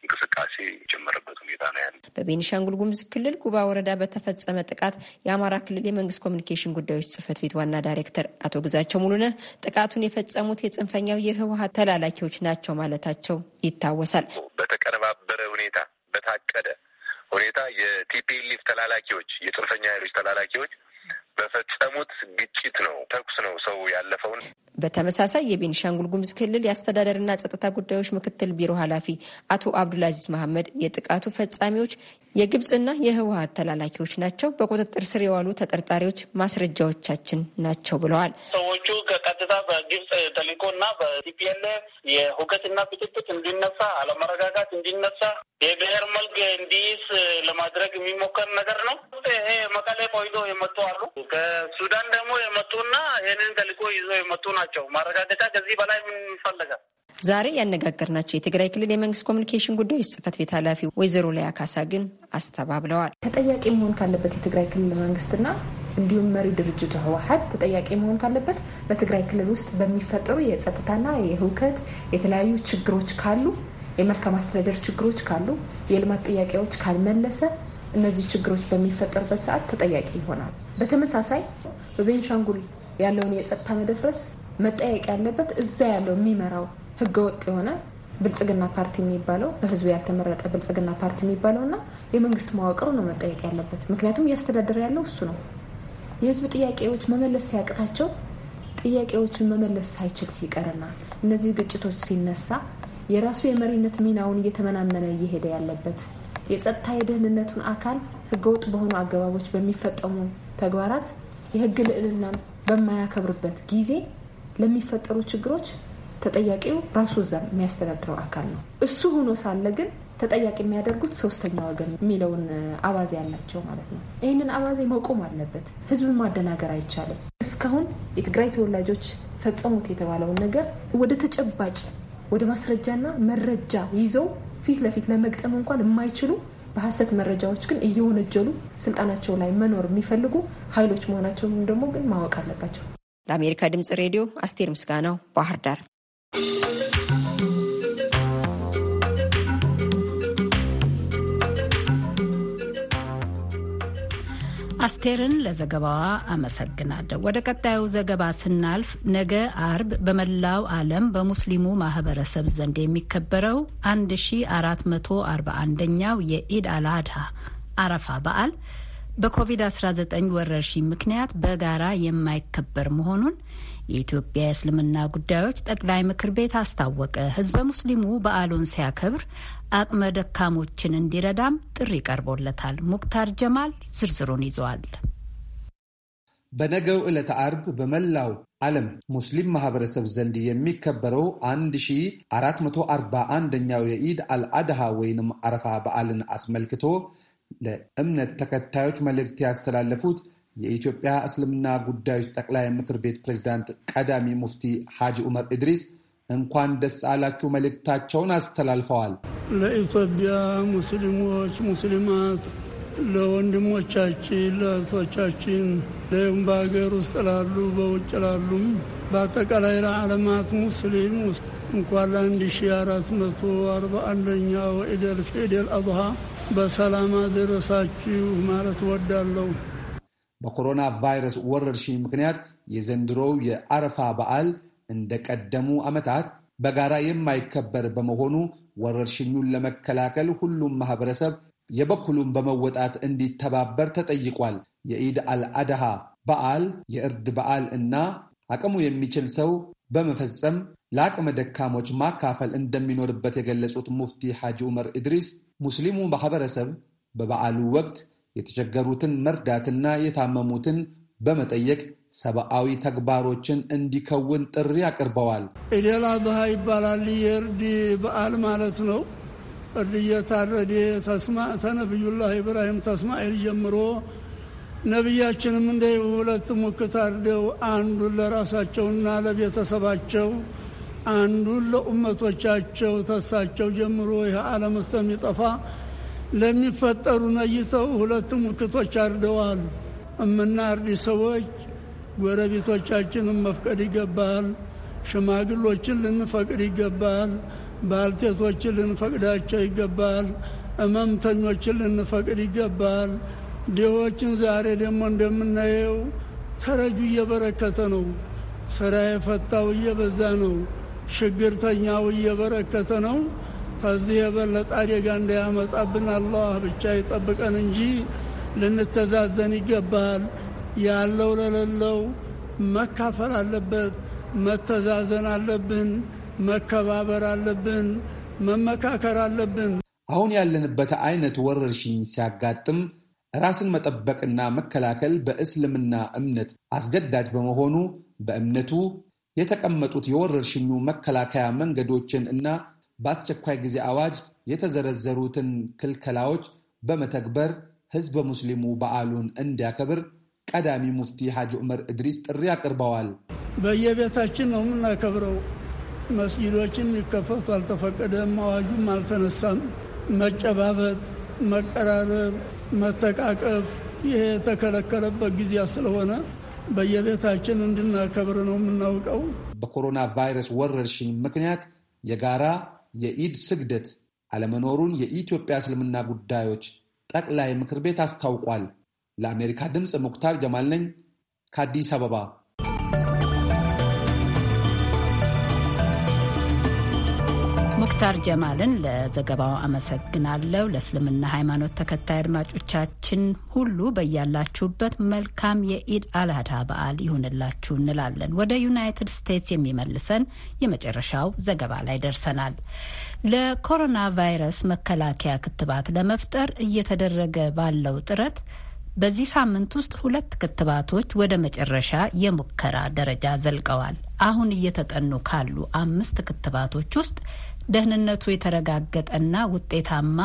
እንቅስቃሴ የጀመረበት ሁኔታ ነው ያለ። በቤኒሻንጉል ጉሙዝ ክልል ጉባ ወረዳ በተፈጸመ ጥቃት የአማራ ክልል የመንግስት ኮሚኒኬሽን ጉዳዮች ጽህፈት ቤት ዋና ዳይሬክተር አቶ ግዛቸው ሙሉነህ ጥቃቱን የፈጸሙት የጽንፈኛው የህወሀት ተላላኪዎች ናቸው ማለታቸው ይታወሳል። በተቀነባበረ ሁኔታ በታቀደ ሁኔታ የቲፒኤልኤፍ ተላላኪዎች የጽንፈኛ ኃይሎች ተላላኪዎች በፈጸሙት ግጭት ነው፣ ተኩስ ነው ሰው ያለፈውን። በተመሳሳይ የቤኒሻንጉል ጉሙዝ ክልል የአስተዳደርና ጸጥታ ጉዳዮች ምክትል ቢሮ ኃላፊ አቶ አብዱልአዚዝ መሐመድ የጥቃቱ ፈጻሚዎች የግብፅና የህወሀት ተላላኪዎች ናቸው። በቁጥጥር ስር የዋሉ ተጠርጣሪዎች ማስረጃዎቻችን ናቸው ብለዋል። ሰዎቹ ከቀጥታ በግብፅ ተልእኮና በቲፒኤልኤፍ የሁከትና ብጥብጥ እንዲነሳ፣ አለመረጋጋት እንዲነሳ፣ የብሔር መልክ እንዲይዝ ለማድረግ የሚሞከር ነገር ነው። ይሄ መቀሌ ቆይቶ የመጡ አሉ። ከሱዳን ደግሞ የመጡና ይህንን ተልእኮ ይዞ የመጡ ናቸው። ማረጋገጫ ከዚህ በላይ ምን ይፈለጋል? ዛሬ ያነጋገርናቸው የትግራይ ክልል የመንግስት ኮሚኒኬሽን ጉዳዮች ጽህፈት ቤት ኃላፊ ወይዘሮ ላያ አካሳ ግን አስተባብለዋል። ተጠያቂ መሆን ካለበት የትግራይ ክልል መንግስትና እንዲሁም መሪ ድርጅቱ ህወሀት ተጠያቂ መሆን ካለበት በትግራይ ክልል ውስጥ በሚፈጠሩ የጸጥታና የህውከት የተለያዩ ችግሮች ካሉ የመልካም አስተዳደር ችግሮች ካሉ የልማት ጥያቄዎች ካልመለሰ እነዚህ ችግሮች በሚፈጠሩበት ሰዓት ተጠያቂ ይሆናል። በተመሳሳይ በቤንሻንጉል ያለውን የጸጥታ መደፍረስ መጠያቂ ያለበት እዛ ያለው የሚመራው ህገወጥ የሆነ ብልጽግና ፓርቲ የሚባለው በህዝብ ያልተመረጠ ብልጽግና ፓርቲ እና የመንግስት መዋቅሩ ነው መጠየቅ ያለበት። ምክንያቱም እያስተዳደረ ያለው እሱ ነው። የህዝብ ጥያቄዎች መመለስ ሲያቅታቸው ጥያቄዎችን መመለስ ሳይችል ሲቀርና እነዚህ ግጭቶች ሲነሳ የራሱ የመሪነት ሚናውን እየተመናመነ እየሄደ ያለበት የጸጥታ የደህንነቱን አካል ህገወጥ በሆኑ አገባቦች በሚፈጠሙ ተግባራት የህግ ልዕልናን በማያከብርበት ጊዜ ለሚፈጠሩ ችግሮች ተጠያቂው ራሱ እዛ የሚያስተዳድረው አካል ነው። እሱ ሆኖ ሳለ ግን ተጠያቂ የሚያደርጉት ሶስተኛ ወገን የሚለውን አባዜ ያላቸው ማለት ነው። ይህንን አባዜ መቆም አለበት። ህዝብን ማደናገር አይቻልም። እስካሁን የትግራይ ተወላጆች ፈጸሙት የተባለውን ነገር ወደ ተጨባጭ ወደ ማስረጃና መረጃ ይዘው ፊት ለፊት ለመግጠም እንኳን የማይችሉ በሀሰት መረጃዎች ግን እየወነጀሉ ስልጣናቸው ላይ መኖር የሚፈልጉ ኃይሎች መሆናቸውም ደግሞ ግን ማወቅ አለባቸው። ለአሜሪካ ድምጽ ሬዲዮ አስቴር ምስጋናው ባህር ዳር። አስቴርን ለዘገባዋ አመሰግናለሁ። ወደ ቀጣዩ ዘገባ ስናልፍ ነገ አርብ በመላው ዓለም በሙስሊሙ ማህበረሰብ ዘንድ የሚከበረው 1441ኛው የኢድ አልአድሃ አረፋ በዓል በኮቪድ-19 ወረርሽኝ ምክንያት በጋራ የማይከበር መሆኑን የኢትዮጵያ የእስልምና ጉዳዮች ጠቅላይ ምክር ቤት አስታወቀ። ህዝበ ሙስሊሙ በዓሉን ሲያከብር አቅመ ደካሞችን እንዲረዳም ጥሪ ቀርቦለታል። ሙክታር ጀማል ዝርዝሩን ይዘዋል። በነገው ዕለተ አርብ በመላው ዓለም ሙስሊም ማህበረሰብ ዘንድ የሚከበረው 1441ኛው የኢድ አልአድሃ ወይንም አረፋ በዓልን አስመልክቶ ለእምነት ተከታዮች መልእክት ያስተላለፉት የኢትዮጵያ እስልምና ጉዳዮች ጠቅላይ ምክር ቤት ፕሬዚዳንት ቀዳሚ ሙፍቲ ሐጂ ዑመር ኢድሪስ እንኳን ደስ አላችሁ መልእክታቸውን አስተላልፈዋል። ለኢትዮጵያ ሙስሊሞች፣ ሙስሊማት፣ ለወንድሞቻችን፣ ለእህቶቻችን፣ ለይም በሀገር ውስጥ ላሉ በውጭ ላሉም በአጠቃላይ ለዓለማት ሙስሊም እንኳን ለአንድ ሺ አራት መቶ አርባ አንደኛው ኢደል ፊደል አድሃ በሰላም አደረሳችሁ ማለት ወዳለሁ። በኮሮና ቫይረስ ወረርሽኝ ምክንያት የዘንድሮው የአረፋ በዓል እንደቀደሙ ዓመታት በጋራ የማይከበር በመሆኑ ወረርሽኙን ለመከላከል ሁሉም ማህበረሰብ የበኩሉን በመወጣት እንዲተባበር ተጠይቋል። የኢድ አልአድሃ በዓል የእርድ በዓል እና አቅሙ የሚችል ሰው በመፈጸም ለአቅመ ደካሞች ማካፈል እንደሚኖርበት የገለጹት ሙፍቲ ሐጂ ዑመር ኢድሪስ ሙስሊሙ ማህበረሰብ በበዓሉ ወቅት የተቸገሩትን መርዳትና የታመሙትን በመጠየቅ ሰብአዊ ተግባሮችን እንዲከውን ጥሪ አቅርበዋል። ኢዴላ ብሃ ይባላል። የእርድ በዓል ማለት ነው። እርድ እየታረደ ተነቢዩላህ ኢብራሂም ተስማኤል ጀምሮ ነቢያችንም እንደ ሁለት ሙክት አርደው አንዱን ለራሳቸውና ለቤተሰባቸው አንዱን ለኡመቶቻቸው ተሳቸው ጀምሮ ይህ ዓለም እስከሚጠፋ ለሚፈጠሩ ነይተው ሁለቱም ውክቶች አርደዋል። እምናርድ ሰዎች ጎረቤቶቻችንን መፍቀድ ይገባል። ሽማግሎችን ልንፈቅድ ይገባል። ባልቴቶችን ልንፈቅዳቸው ይገባል። እመምተኞችን ልንፈቅድ ይገባል። ድሆችን ዛሬ ደግሞ እንደምናየው ተረጁ እየበረከተ ነው። ስራ የፈታው እየበዛ ነው። ሽግርተኛው እየበረከተ ነው። ከዚህ የበለጠ አደጋ እንዳያመጣብን አላህ ብቻ ይጠብቀን እንጂ ልንተዛዘን ይገባል። ያለው ለሌለው መካፈል አለበት። መተዛዘን አለብን። መከባበር አለብን። መመካከር አለብን። አሁን ያለንበት አይነት ወረርሽኝ ሲያጋጥም ራስን መጠበቅና መከላከል በእስልምና እምነት አስገዳጅ በመሆኑ በእምነቱ የተቀመጡት የወረርሽኙ መከላከያ መንገዶችን እና በአስቸኳይ ጊዜ አዋጅ የተዘረዘሩትን ክልከላዎች በመተግበር ህዝበ ሙስሊሙ በዓሉን እንዲያከብር ቀዳሚ ሙፍቲ ሐጂ ዑመር እድሪስ ጥሪ አቅርበዋል። በየቤታችን ነው የምናከብረው። መስጊዶችን ሊከፈቱ አልተፈቀደም፣ አዋጁም አልተነሳም። መጨባበጥ፣ መቀራረብ፣ መተቃቀፍ ይሄ የተከለከለበት ጊዜ ስለሆነ በየቤታችን እንድናከብር ነው የምናውቀው። በኮሮና ቫይረስ ወረርሽኝ ምክንያት የጋራ የኢድ ስግደት አለመኖሩን የኢትዮጵያ እስልምና ጉዳዮች ጠቅላይ ምክር ቤት አስታውቋል። ለአሜሪካ ድምፅ ሙክታር ጀማል ነኝ ከአዲስ አበባ። ሙክታር ጀማልን ለዘገባው አመሰግናለሁ። ለእስልምና ሃይማኖት ተከታይ አድማጮቻችን ሁሉ በያላችሁበት መልካም የኢድ አልአድሃ በዓል ይሁንላችሁ እንላለን። ወደ ዩናይትድ ስቴትስ የሚመልሰን የመጨረሻው ዘገባ ላይ ደርሰናል። ለኮሮና ቫይረስ መከላከያ ክትባት ለመፍጠር እየተደረገ ባለው ጥረት በዚህ ሳምንት ውስጥ ሁለት ክትባቶች ወደ መጨረሻ የሙከራ ደረጃ ዘልቀዋል። አሁን እየተጠኑ ካሉ አምስት ክትባቶች ውስጥ ደህንነቱ የተረጋገጠና ውጤታማ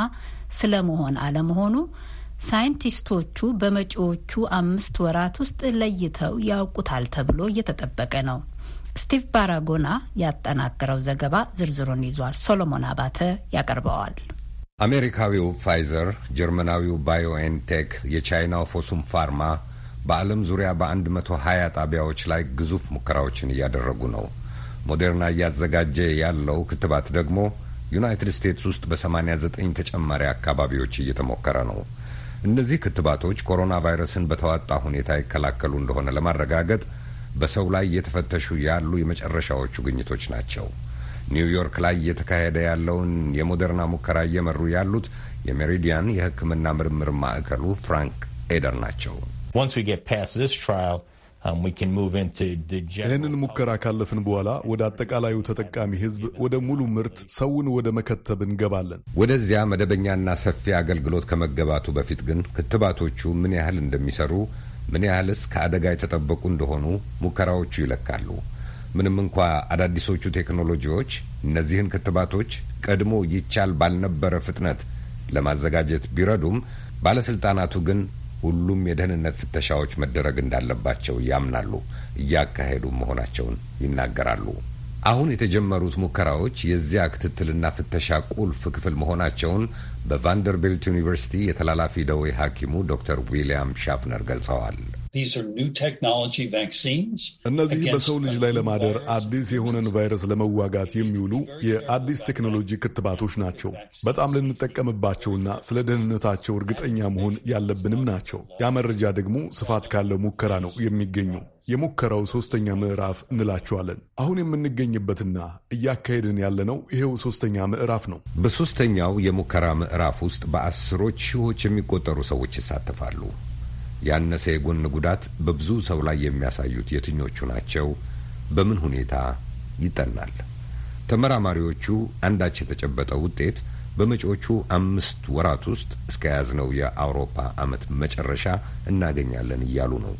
ስለመሆን አለመሆኑ ሳይንቲስቶቹ በመጪዎቹ አምስት ወራት ውስጥ ለይተው ያውቁታል ተብሎ እየተጠበቀ ነው። ስቲቭ ባራጎና ያጠናቀረው ዘገባ ዝርዝሩን ይዟል። ሶሎሞን አባተ ያቀርበዋል። አሜሪካዊው ፋይዘር፣ ጀርመናዊው ባዮኤንቴክ፣ የቻይናው ፎሱም ፋርማ በዓለም ዙሪያ በአንድ መቶ ጣቢያዎች ላይ ግዙፍ ሙከራዎችን እያደረጉ ነው። ሞዴርና እያዘጋጀ ያለው ክትባት ደግሞ ዩናይትድ ስቴትስ ውስጥ በ89 ተጨማሪ አካባቢዎች እየተሞከረ ነው። እነዚህ ክትባቶች ኮሮና ቫይረስን በተዋጣ ሁኔታ ይከላከሉ እንደሆነ ለማረጋገጥ በሰው ላይ እየተፈተሹ ያሉ የመጨረሻዎቹ ግኝቶች ናቸው። ኒውዮርክ ላይ እየተካሄደ ያለውን የሞደርና ሙከራ እየመሩ ያሉት የሜሪዲያን የሕክምና ምርምር ማዕከሉ ፍራንክ ኤደር ናቸው። Once we get past this trial, Um, ይህንን ሙከራ ካለፍን በኋላ ወደ አጠቃላዩ ተጠቃሚ ህዝብ ወደ ሙሉ ምርት ሰውን ወደ መከተብ እንገባለን። ወደዚያ መደበኛና ሰፊ አገልግሎት ከመገባቱ በፊት ግን ክትባቶቹ ምን ያህል እንደሚሰሩ፣ ምን ያህልስ ከአደጋ የተጠበቁ እንደሆኑ ሙከራዎቹ ይለካሉ። ምንም እንኳ አዳዲሶቹ ቴክኖሎጂዎች እነዚህን ክትባቶች ቀድሞ ይቻል ባልነበረ ፍጥነት ለማዘጋጀት ቢረዱም ባለስልጣናቱ ግን ሁሉም የደህንነት ፍተሻዎች መደረግ እንዳለባቸው ያምናሉ፣ እያካሄዱ መሆናቸውን ይናገራሉ። አሁን የተጀመሩት ሙከራዎች የዚያ ክትትልና ፍተሻ ቁልፍ ክፍል መሆናቸውን በቫንደርቢልት ዩኒቨርሲቲ የተላላፊ ደዌ ሐኪሙ ዶክተር ዊልያም ሻፍነር ገልጸዋል። እነዚህ በሰው ልጅ ላይ ለማደር አዲስ የሆነን ቫይረስ ለመዋጋት የሚውሉ የአዲስ ቴክኖሎጂ ክትባቶች ናቸው። በጣም ልንጠቀምባቸውና ስለ ደህንነታቸው እርግጠኛ መሆን ያለብንም ናቸው። ያ መረጃ ደግሞ ስፋት ካለው ሙከራ ነው የሚገኘው። የሙከራው ሶስተኛ ምዕራፍ እንላቸዋለን። አሁን የምንገኝበትና እያካሄድን ያለነው ይሄው ሶስተኛ ምዕራፍ ነው። በሶስተኛው የሙከራ ምዕራፍ ውስጥ በአስሮች ሺዎች የሚቆጠሩ ሰዎች ይሳተፋሉ። ያነሰ የጎን ጉዳት በብዙ ሰው ላይ የሚያሳዩት የትኞቹ ናቸው? በምን ሁኔታ ይጠናል? ተመራማሪዎቹ አንዳች የተጨበጠ ውጤት በመጪዎቹ አምስት ወራት ውስጥ እስከ ያዝነው የአውሮፓ ዓመት መጨረሻ እናገኛለን እያሉ ነው።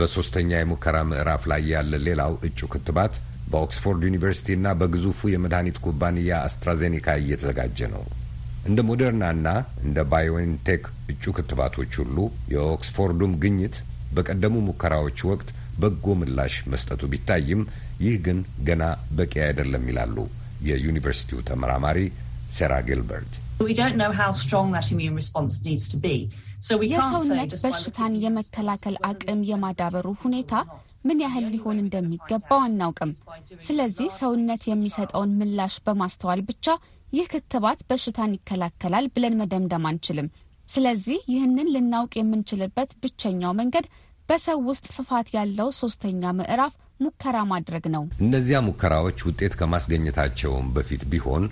በሦስተኛ የሙከራ ምዕራፍ ላይ ያለ ሌላው እጩ ክትባት በኦክስፎርድ ዩኒቨርሲቲና በግዙፉ የመድኃኒት ኩባንያ አስትራዜኒካ እየተዘጋጀ ነው። እንደ ሞደርናና እንደ ባዮንቴክ እጩ ክትባቶች ሁሉ የኦክስፎርዱም ግኝት በቀደሙ ሙከራዎች ወቅት በጎ ምላሽ መስጠቱ ቢታይም ይህ ግን ገና በቂ አይደለም ይላሉ የዩኒቨርሲቲው ተመራማሪ ሴራ ጊልበርት። የሰውነት በሽታን የመከላከል አቅም የማዳበሩ ሁኔታ ምን ያህል ሊሆን እንደሚገባው አናውቅም። ስለዚህ ሰውነት የሚሰጠውን ምላሽ በማስተዋል ብቻ ይህ ክትባት በሽታን ይከላከላል ብለን መደምደም አንችልም። ስለዚህ ይህንን ልናውቅ የምንችልበት ብቸኛው መንገድ በሰው ውስጥ ስፋት ያለው ሶስተኛ ምዕራፍ ሙከራ ማድረግ ነው። እነዚያ ሙከራዎች ውጤት ከማስገኘታቸውም በፊት ቢሆን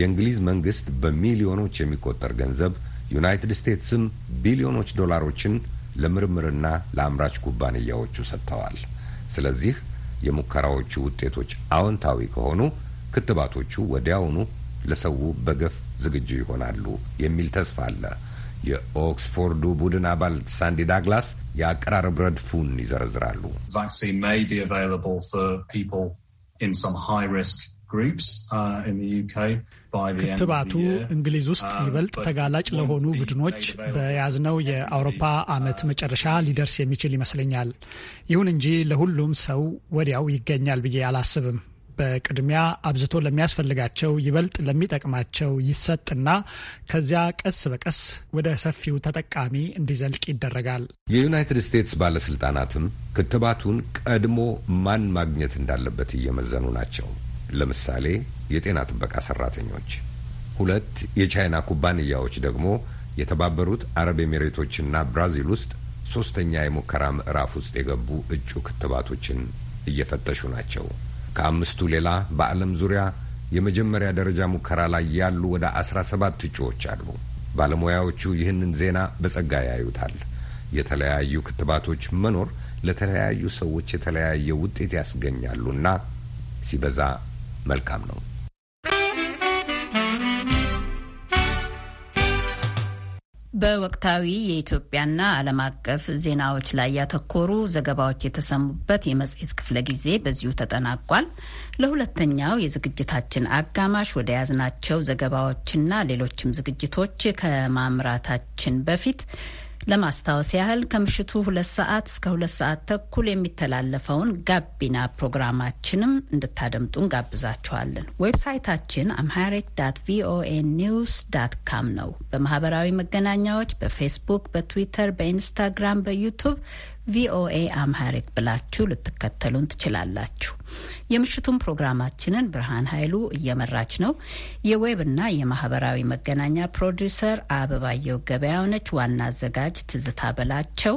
የእንግሊዝ መንግስት በሚሊዮኖች የሚቆጠር ገንዘብ ዩናይትድ ስቴትስም ቢሊዮኖች ዶላሮችን ለምርምርና ለአምራች ኩባንያዎቹ ሰጥተዋል። ስለዚህ የሙከራዎቹ ውጤቶች አዎንታዊ ከሆኑ ክትባቶቹ ወዲያውኑ ለሰው በገፍ ዝግጁ ይሆናሉ የሚል ተስፋ አለ። የኦክስፎርዱ ቡድን አባል ሳንዲ ዳግላስ የአቀራረብ ረድፉን ይዘረዝራሉ። uh, ክትባቱ እንግሊዝ ውስጥ um, ይበልጥ ተጋላጭ ለሆኑ ቡድኖች በያዝነው የአውሮፓ ዓመት መጨረሻ ሊደርስ የሚችል ይመስለኛል። ይሁን እንጂ ለሁሉም ሰው ወዲያው ይገኛል ብዬ አላስብም። በቅድሚያ አብዝቶ ለሚያስፈልጋቸው ይበልጥ ለሚጠቅማቸው ይሰጥና ከዚያ ቀስ በቀስ ወደ ሰፊው ተጠቃሚ እንዲዘልቅ ይደረጋል። የዩናይትድ ስቴትስ ባለስልጣናትም ክትባቱን ቀድሞ ማን ማግኘት እንዳለበት እየመዘኑ ናቸው። ለምሳሌ የጤና ጥበቃ ሰራተኞች። ሁለት የቻይና ኩባንያዎች ደግሞ የተባበሩት አረብ ኤሚሬቶችና ብራዚል ውስጥ ሶስተኛ የሙከራ ምዕራፍ ውስጥ የገቡ እጩ ክትባቶችን እየፈተሹ ናቸው። ከአምስቱ ሌላ በዓለም ዙሪያ የመጀመሪያ ደረጃ ሙከራ ላይ ያሉ ወደ አስራ ሰባት እጩዎች አሉ። ባለሙያዎቹ ይህንን ዜና በጸጋ ያዩታል። የተለያዩ ክትባቶች መኖር ለተለያዩ ሰዎች የተለያየ ውጤት ያስገኛሉና ሲበዛ መልካም ነው። በወቅታዊ የኢትዮጵያና ዓለም አቀፍ ዜናዎች ላይ ያተኮሩ ዘገባዎች የተሰሙበት የመጽሔት ክፍለ ጊዜ በዚሁ ተጠናቋል። ለሁለተኛው የዝግጅታችን አጋማሽ ወደ ያዝናቸው ዘገባዎችና ሌሎችም ዝግጅቶች ከማምራታችን በፊት ለማስታወስ ያህል ከምሽቱ ሁለት ሰዓት እስከ ሁለት ሰዓት ተኩል የሚተላለፈውን ጋቢና ፕሮግራማችንም እንድታደምጡ እንጋብዛችኋለን። ዌብሳይታችን አምሃሪክ ዳት ቪኦኤ ኒውስ ዳት ካም ነው። በማህበራዊ መገናኛዎች በፌስቡክ፣ በትዊተር፣ በኢንስታግራም፣ በዩቱብ ቪኦኤ አምሃሪክ ብላችሁ ልትከተሉን ትችላላችሁ። የምሽቱን ፕሮግራማችንን ብርሃን ኃይሉ እየመራች ነው። የዌብና የማህበራዊ መገናኛ ፕሮዲውሰር አበባየው ገበያው ነች። ዋና አዘጋጅ ትዝታ በላቸው።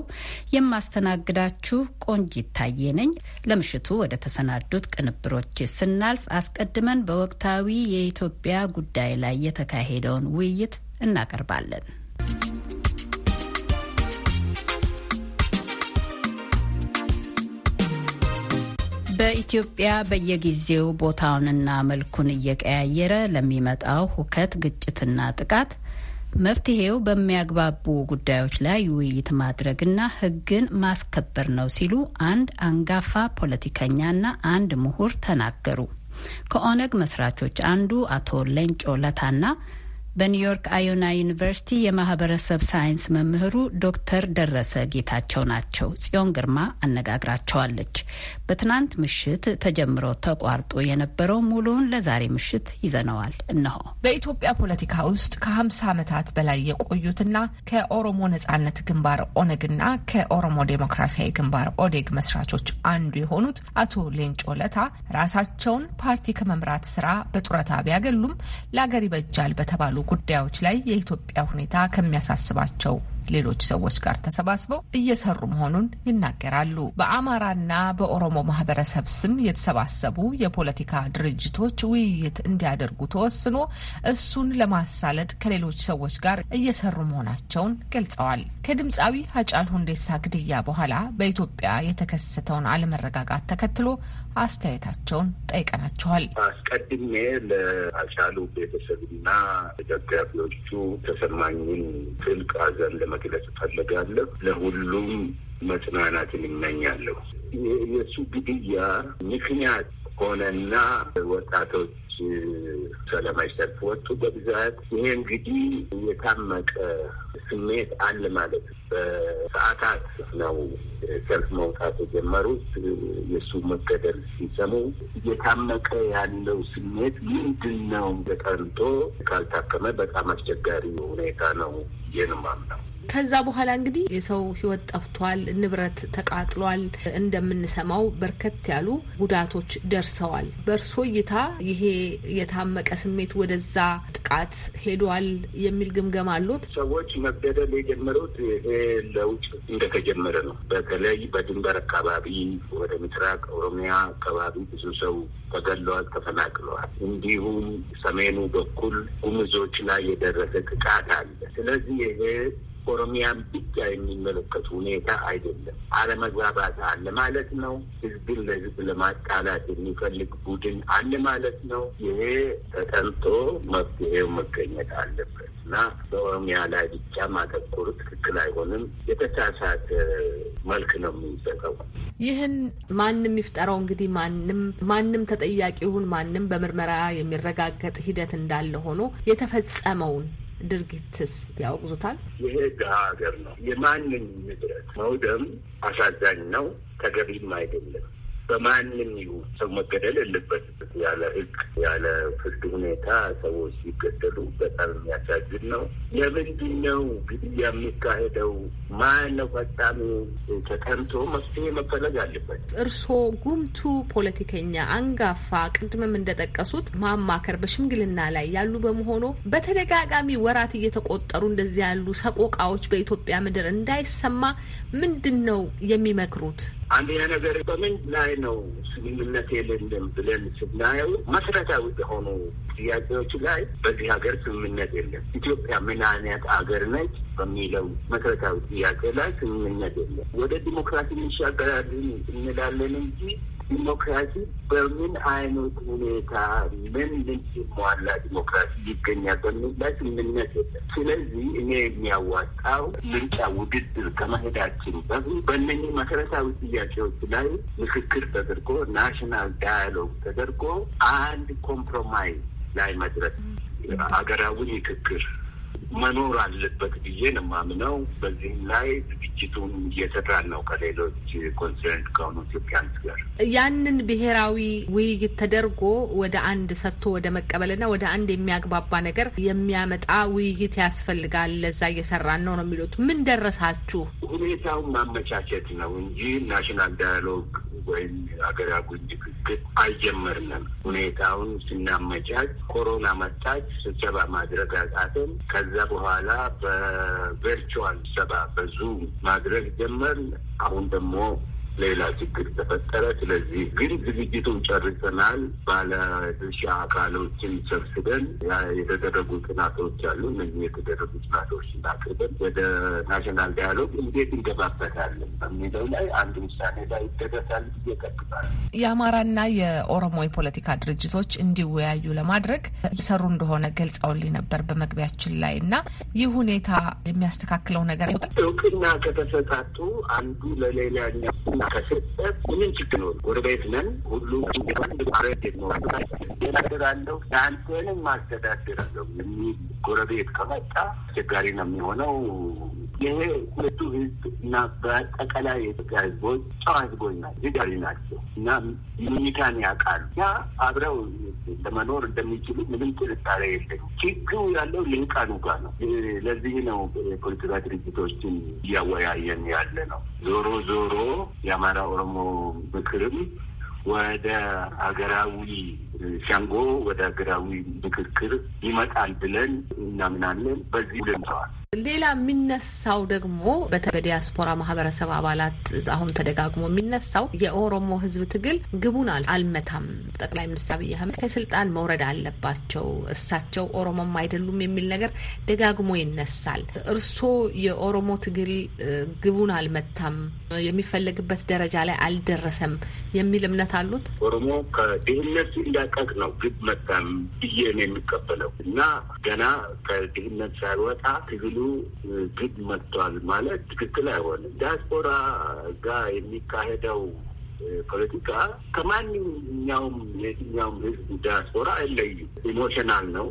የማስተናግዳችሁ ቆንጂ ይታየ ነኝ። ለምሽቱ ወደ ተሰናዱት ቅንብሮች ስናልፍ አስቀድመን በወቅታዊ የኢትዮጵያ ጉዳይ ላይ የተካሄደውን ውይይት እናቀርባለን። በኢትዮጵያ በየጊዜው ቦታውንና መልኩን እየቀያየረ ለሚመጣው ሁከት፣ ግጭትና ጥቃት መፍትሄው በሚያግባቡ ጉዳዮች ላይ ውይይት ማድረግና ሕግን ማስከበር ነው ሲሉ አንድ አንጋፋ ፖለቲከኛና አንድ ምሁር ተናገሩ። ከኦነግ መስራቾች አንዱ አቶ ሌንጮ ለታና በኒውዮርክ አዮና ዩኒቨርሲቲ የማህበረሰብ ሳይንስ መምህሩ ዶክተር ደረሰ ጌታቸው ናቸው። ጽዮን ግርማ አነጋግራቸዋለች። በትናንት ምሽት ተጀምሮ ተቋርጦ የነበረው ሙሉውን ለዛሬ ምሽት ይዘነዋል። እነሆ በኢትዮጵያ ፖለቲካ ውስጥ ከ50 ዓመታት በላይ የቆዩትና ከኦሮሞ ነጻነት ግንባር ኦነግና ከኦሮሞ ዴሞክራሲያዊ ግንባር ኦዴግ መስራቾች አንዱ የሆኑት አቶ ሌንጮ ለታ ራሳቸውን ፓርቲ ከመምራት ስራ በጡረታ ቢያገሉም ለአገር ይበጃል በተባሉ ጉዳዮች ላይ የኢትዮጵያ ሁኔታ ከሚያሳስባቸው ሌሎች ሰዎች ጋር ተሰባስበው እየሰሩ መሆኑን ይናገራሉ። በአማራና በኦሮሞ ማህበረሰብ ስም የተሰባሰቡ የፖለቲካ ድርጅቶች ውይይት እንዲያደርጉ ተወስኖ እሱን ለማሳለጥ ከሌሎች ሰዎች ጋር እየሰሩ መሆናቸውን ገልጸዋል። ከድምፃዊ ሃጫሉ ሁንዴሳ ግድያ በኋላ በኢትዮጵያ የተከሰተውን አለመረጋጋት ተከትሎ አስተያየታቸውን ጠይቀናቸዋል። አስቀድሜ ለአጫሉ ቤተሰብና ደጋፊዎቹ ተሰማኝን ጥልቅ ሐዘን ለመግለጽ እፈልጋለሁ። ለሁሉም መጽናናትን እመኛለሁ። የእሱ ግድያ ምክንያት ሆነና ወጣቶች ሰላማዊ ሰልፍ ወጡ በብዛት። ይሄ እንግዲህ የታመቀ ስሜት አለ ማለት በሰዓታት ነው ሰልፍ መውጣት የጀመሩት። የእሱ መገደል ሲሰሙ እየታመቀ ያለው ስሜት ምንድን ነው? ተጠንቶ ካልታከመ በጣም አስቸጋሪ ሁኔታ ነው። ይህንም አምነው ከዛ በኋላ እንግዲህ የሰው ህይወት ጠፍቷል፣ ንብረት ተቃጥሏል፣ እንደምንሰማው በርከት ያሉ ጉዳቶች ደርሰዋል። በእርሶ እይታ ይሄ የታመቀ ስሜት ወደዛ ጥቃት ሄዷል የሚል ግምገማ አሉት? ሰዎች መገደል የጀመሩት ይሄ ለውጥ እንደተጀመረ ነው። በተለይ በድንበር አካባቢ ወደ ምስራቅ ኦሮሚያ አካባቢ ብዙ ሰው ተገለዋል፣ ተፈናቅለዋል። እንዲሁም ሰሜኑ በኩል ጉምዞች ላይ የደረሰ ጥቃት አለ። ስለዚህ ይሄ ኦሮሚያን ብቻ የሚመለከቱ ሁኔታ አይደለም። አለመግባባት አለ ማለት ነው። ህዝብን ለህዝብ ለማጣላት የሚፈልግ ቡድን አለ ማለት ነው። ይሄ ተጠንቶ መፍትሄው መገኘት አለበት እና በኦሮሚያ ላይ ብቻ ማተኮሩ ትክክል አይሆንም። የተሳሳተ መልክ ነው የሚሰጠው። ይህን ማንም ይፍጠረው እንግዲህ ማንም ማንም ተጠያቂውን ማንም በምርመራ የሚረጋገጥ ሂደት እንዳለ ሆኖ የተፈጸመውን ድርጊትስ ያወግዙታል። ይሄ ሀገር ነው። የማንን ንብረት መውደም አሳዛኝ ነው፣ ተገቢም አይደለም። በማንም ይሁን ሰው መገደል የለበትም። ያለ ህግ ያለ ፍርድ ሁኔታ ሰዎች ሲገደሉ በጣም የሚያሳዝን ነው። ለምንድን ነው ግድያ የሚካሄደው? ማን ነው ፈጣሚ? ተጠምቶ መፍትሄ መፈለግ አለበት። እርስዎ ጉምቱ ፖለቲከኛ አንጋፋ፣ ቅድምም እንደጠቀሱት ማማከር በሽምግልና ላይ ያሉ በመሆኑ በተደጋጋሚ ወራት እየተቆጠሩ እንደዚህ ያሉ ሰቆቃዎች በኢትዮጵያ ምድር እንዳይሰማ ምንድን ነው የሚመክሩት? አንደኛ ነገር በምን ላይ ነው ስምምነት የለንም ብለን ስናየው መሰረታዊ የሆኑ ጥያቄዎች ላይ በዚህ ሀገር ስምምነት የለም። ኢትዮጵያ ምን አይነት ሀገር ነች በሚለው መሰረታዊ ጥያቄ ላይ ስምምነት የለም። ወደ ዲሞክራሲ እንሻገራለን እንላለን እንጂ ዲሞክራሲ በምን አይነት ሁኔታ ምን ልሟላ ዲሞክራሲ ይገኛል በሚል ላይ ስምምነት የለም። ስለዚህ እኔ የሚያዋጣው ምርጫ ውድድር ከመሄዳችን በፊት በእነኚህ መሰረታዊ ጥያቄዎች ላይ ምክክር ተደርጎ ናሽናል ዳያሎግ ተደርጎ አንድ ኮምፕሮማይዝ ላይ መድረስ ሀገራዊ ምክክር መኖር አለበት ብዬ ነው የማምነው። በዚህም ላይ ድርጅቱም እየሰራን ነው ከሌሎች ኮንሰርንት ከሆኑ ኢትዮጵያንስ ጋር ያንን ብሔራዊ ውይይት ተደርጎ ወደ አንድ ሰጥቶ ወደ መቀበልና ወደ አንድ የሚያግባባ ነገር የሚያመጣ ውይይት ያስፈልጋል። ለዛ እየሰራን ነው ነው የሚሉት ምን ደረሳችሁ? ሁኔታውን ማመቻቸት ነው እንጂ ናሽናል ዳያሎግ ወይም ሀገራዊ ንግግር አልጀመርንም። ሁኔታውን ስናመቻች ኮሮና መጣች፣ ስብሰባ ማድረግ አቃተን። ከዛ በኋላ በቨርቹዋል ስብሰባ በዙም ማድረግ ጀመር። አሁን ደግሞ ሌላ ችግር ተፈጠረ። ስለዚህ ግን ዝግጅቱን ጨርሰናል። ባለ ድርሻ አካሎችን ሰብስበን የተደረጉ ጥናቶች አሉ። እነዚህ የተደረጉ ጥናቶች እናቅርበን ወደ ናሽናል ዳያሎግ እንዴት እንገባበታለን በሚለው ላይ አንድ ውሳኔ ላይ ይደረሳል ብዬ እጠብቃለሁ። የአማራና የኦሮሞ የፖለቲካ ድርጅቶች እንዲወያዩ ለማድረግ ሰሩ እንደሆነ ገልጸውልኝ ነበር በመግቢያችን ላይ እና ይህ ሁኔታ የሚያስተካክለው ነገር እውቅና ከተሰጣጡ አንዱ ለሌላኛው ከስርጠት ምን ችግር ነው? ወደ ቤት ነን ሁሉ ንድ ማረት የኖሩ ደናደራለሁ ለአንተንም ማስተዳደራለሁ የሚል ጎረቤት ከመጣ አስቸጋሪ ነው የሚሆነው። ይሄ ሁለቱ ህዝብ እና በአጠቃላይ የኢትዮጵያ ህዝቦች ጨዋ ህዝቦች ናቸው፣ ዳሪ ናቸው እና ሚኒካን ያውቃሉ እና አብረው ለመኖር እንደሚችሉ ምንም ጥርጣሬ የለም። ችግሩ ያለው ልሂቃኑ ጋር ነው። ለዚህ ነው የፖለቲካ ድርጅቶችን እያወያየን ያለ ነው። ዞሮ ዞሮ የአማራ ኦሮሞ ምክርም ወደ አገራዊ ሸንጎ ወደ አገራዊ ምክክር ይመጣል ብለን እናምናለን። በዚህ ለምተዋል ሌላ የሚነሳው ደግሞ በዲያስፖራ ማህበረሰብ አባላት አሁን ተደጋግሞ የሚነሳው የኦሮሞ ህዝብ ትግል ግቡን አልመታም፣ ጠቅላይ ሚኒስትር አብይ አህመድ ከስልጣን መውረድ አለባቸው፣ እሳቸው ኦሮሞም አይደሉም የሚል ነገር ደጋግሞ ይነሳል። እርስዎ የኦሮሞ ትግል ግቡን አልመታም፣ የሚፈለግበት ደረጃ ላይ አልደረሰም የሚል እምነት አሉት? ኦሮሞ ከድህነት እንዳቀቅ ነው ግብ መታም ብዬ ነው የሚቀበለው እና ገና ከድህነት ሳይወጣ ትግሉ ግድ መጥቷል ማለት ትክክል አይሆንም። ዲያስፖራ ጋር የሚካሄደው ፖለቲካ ከማንኛውም የትኛውም ህዝብ ዲያስፖራ አይለይም። ኢሞሽናል ነው።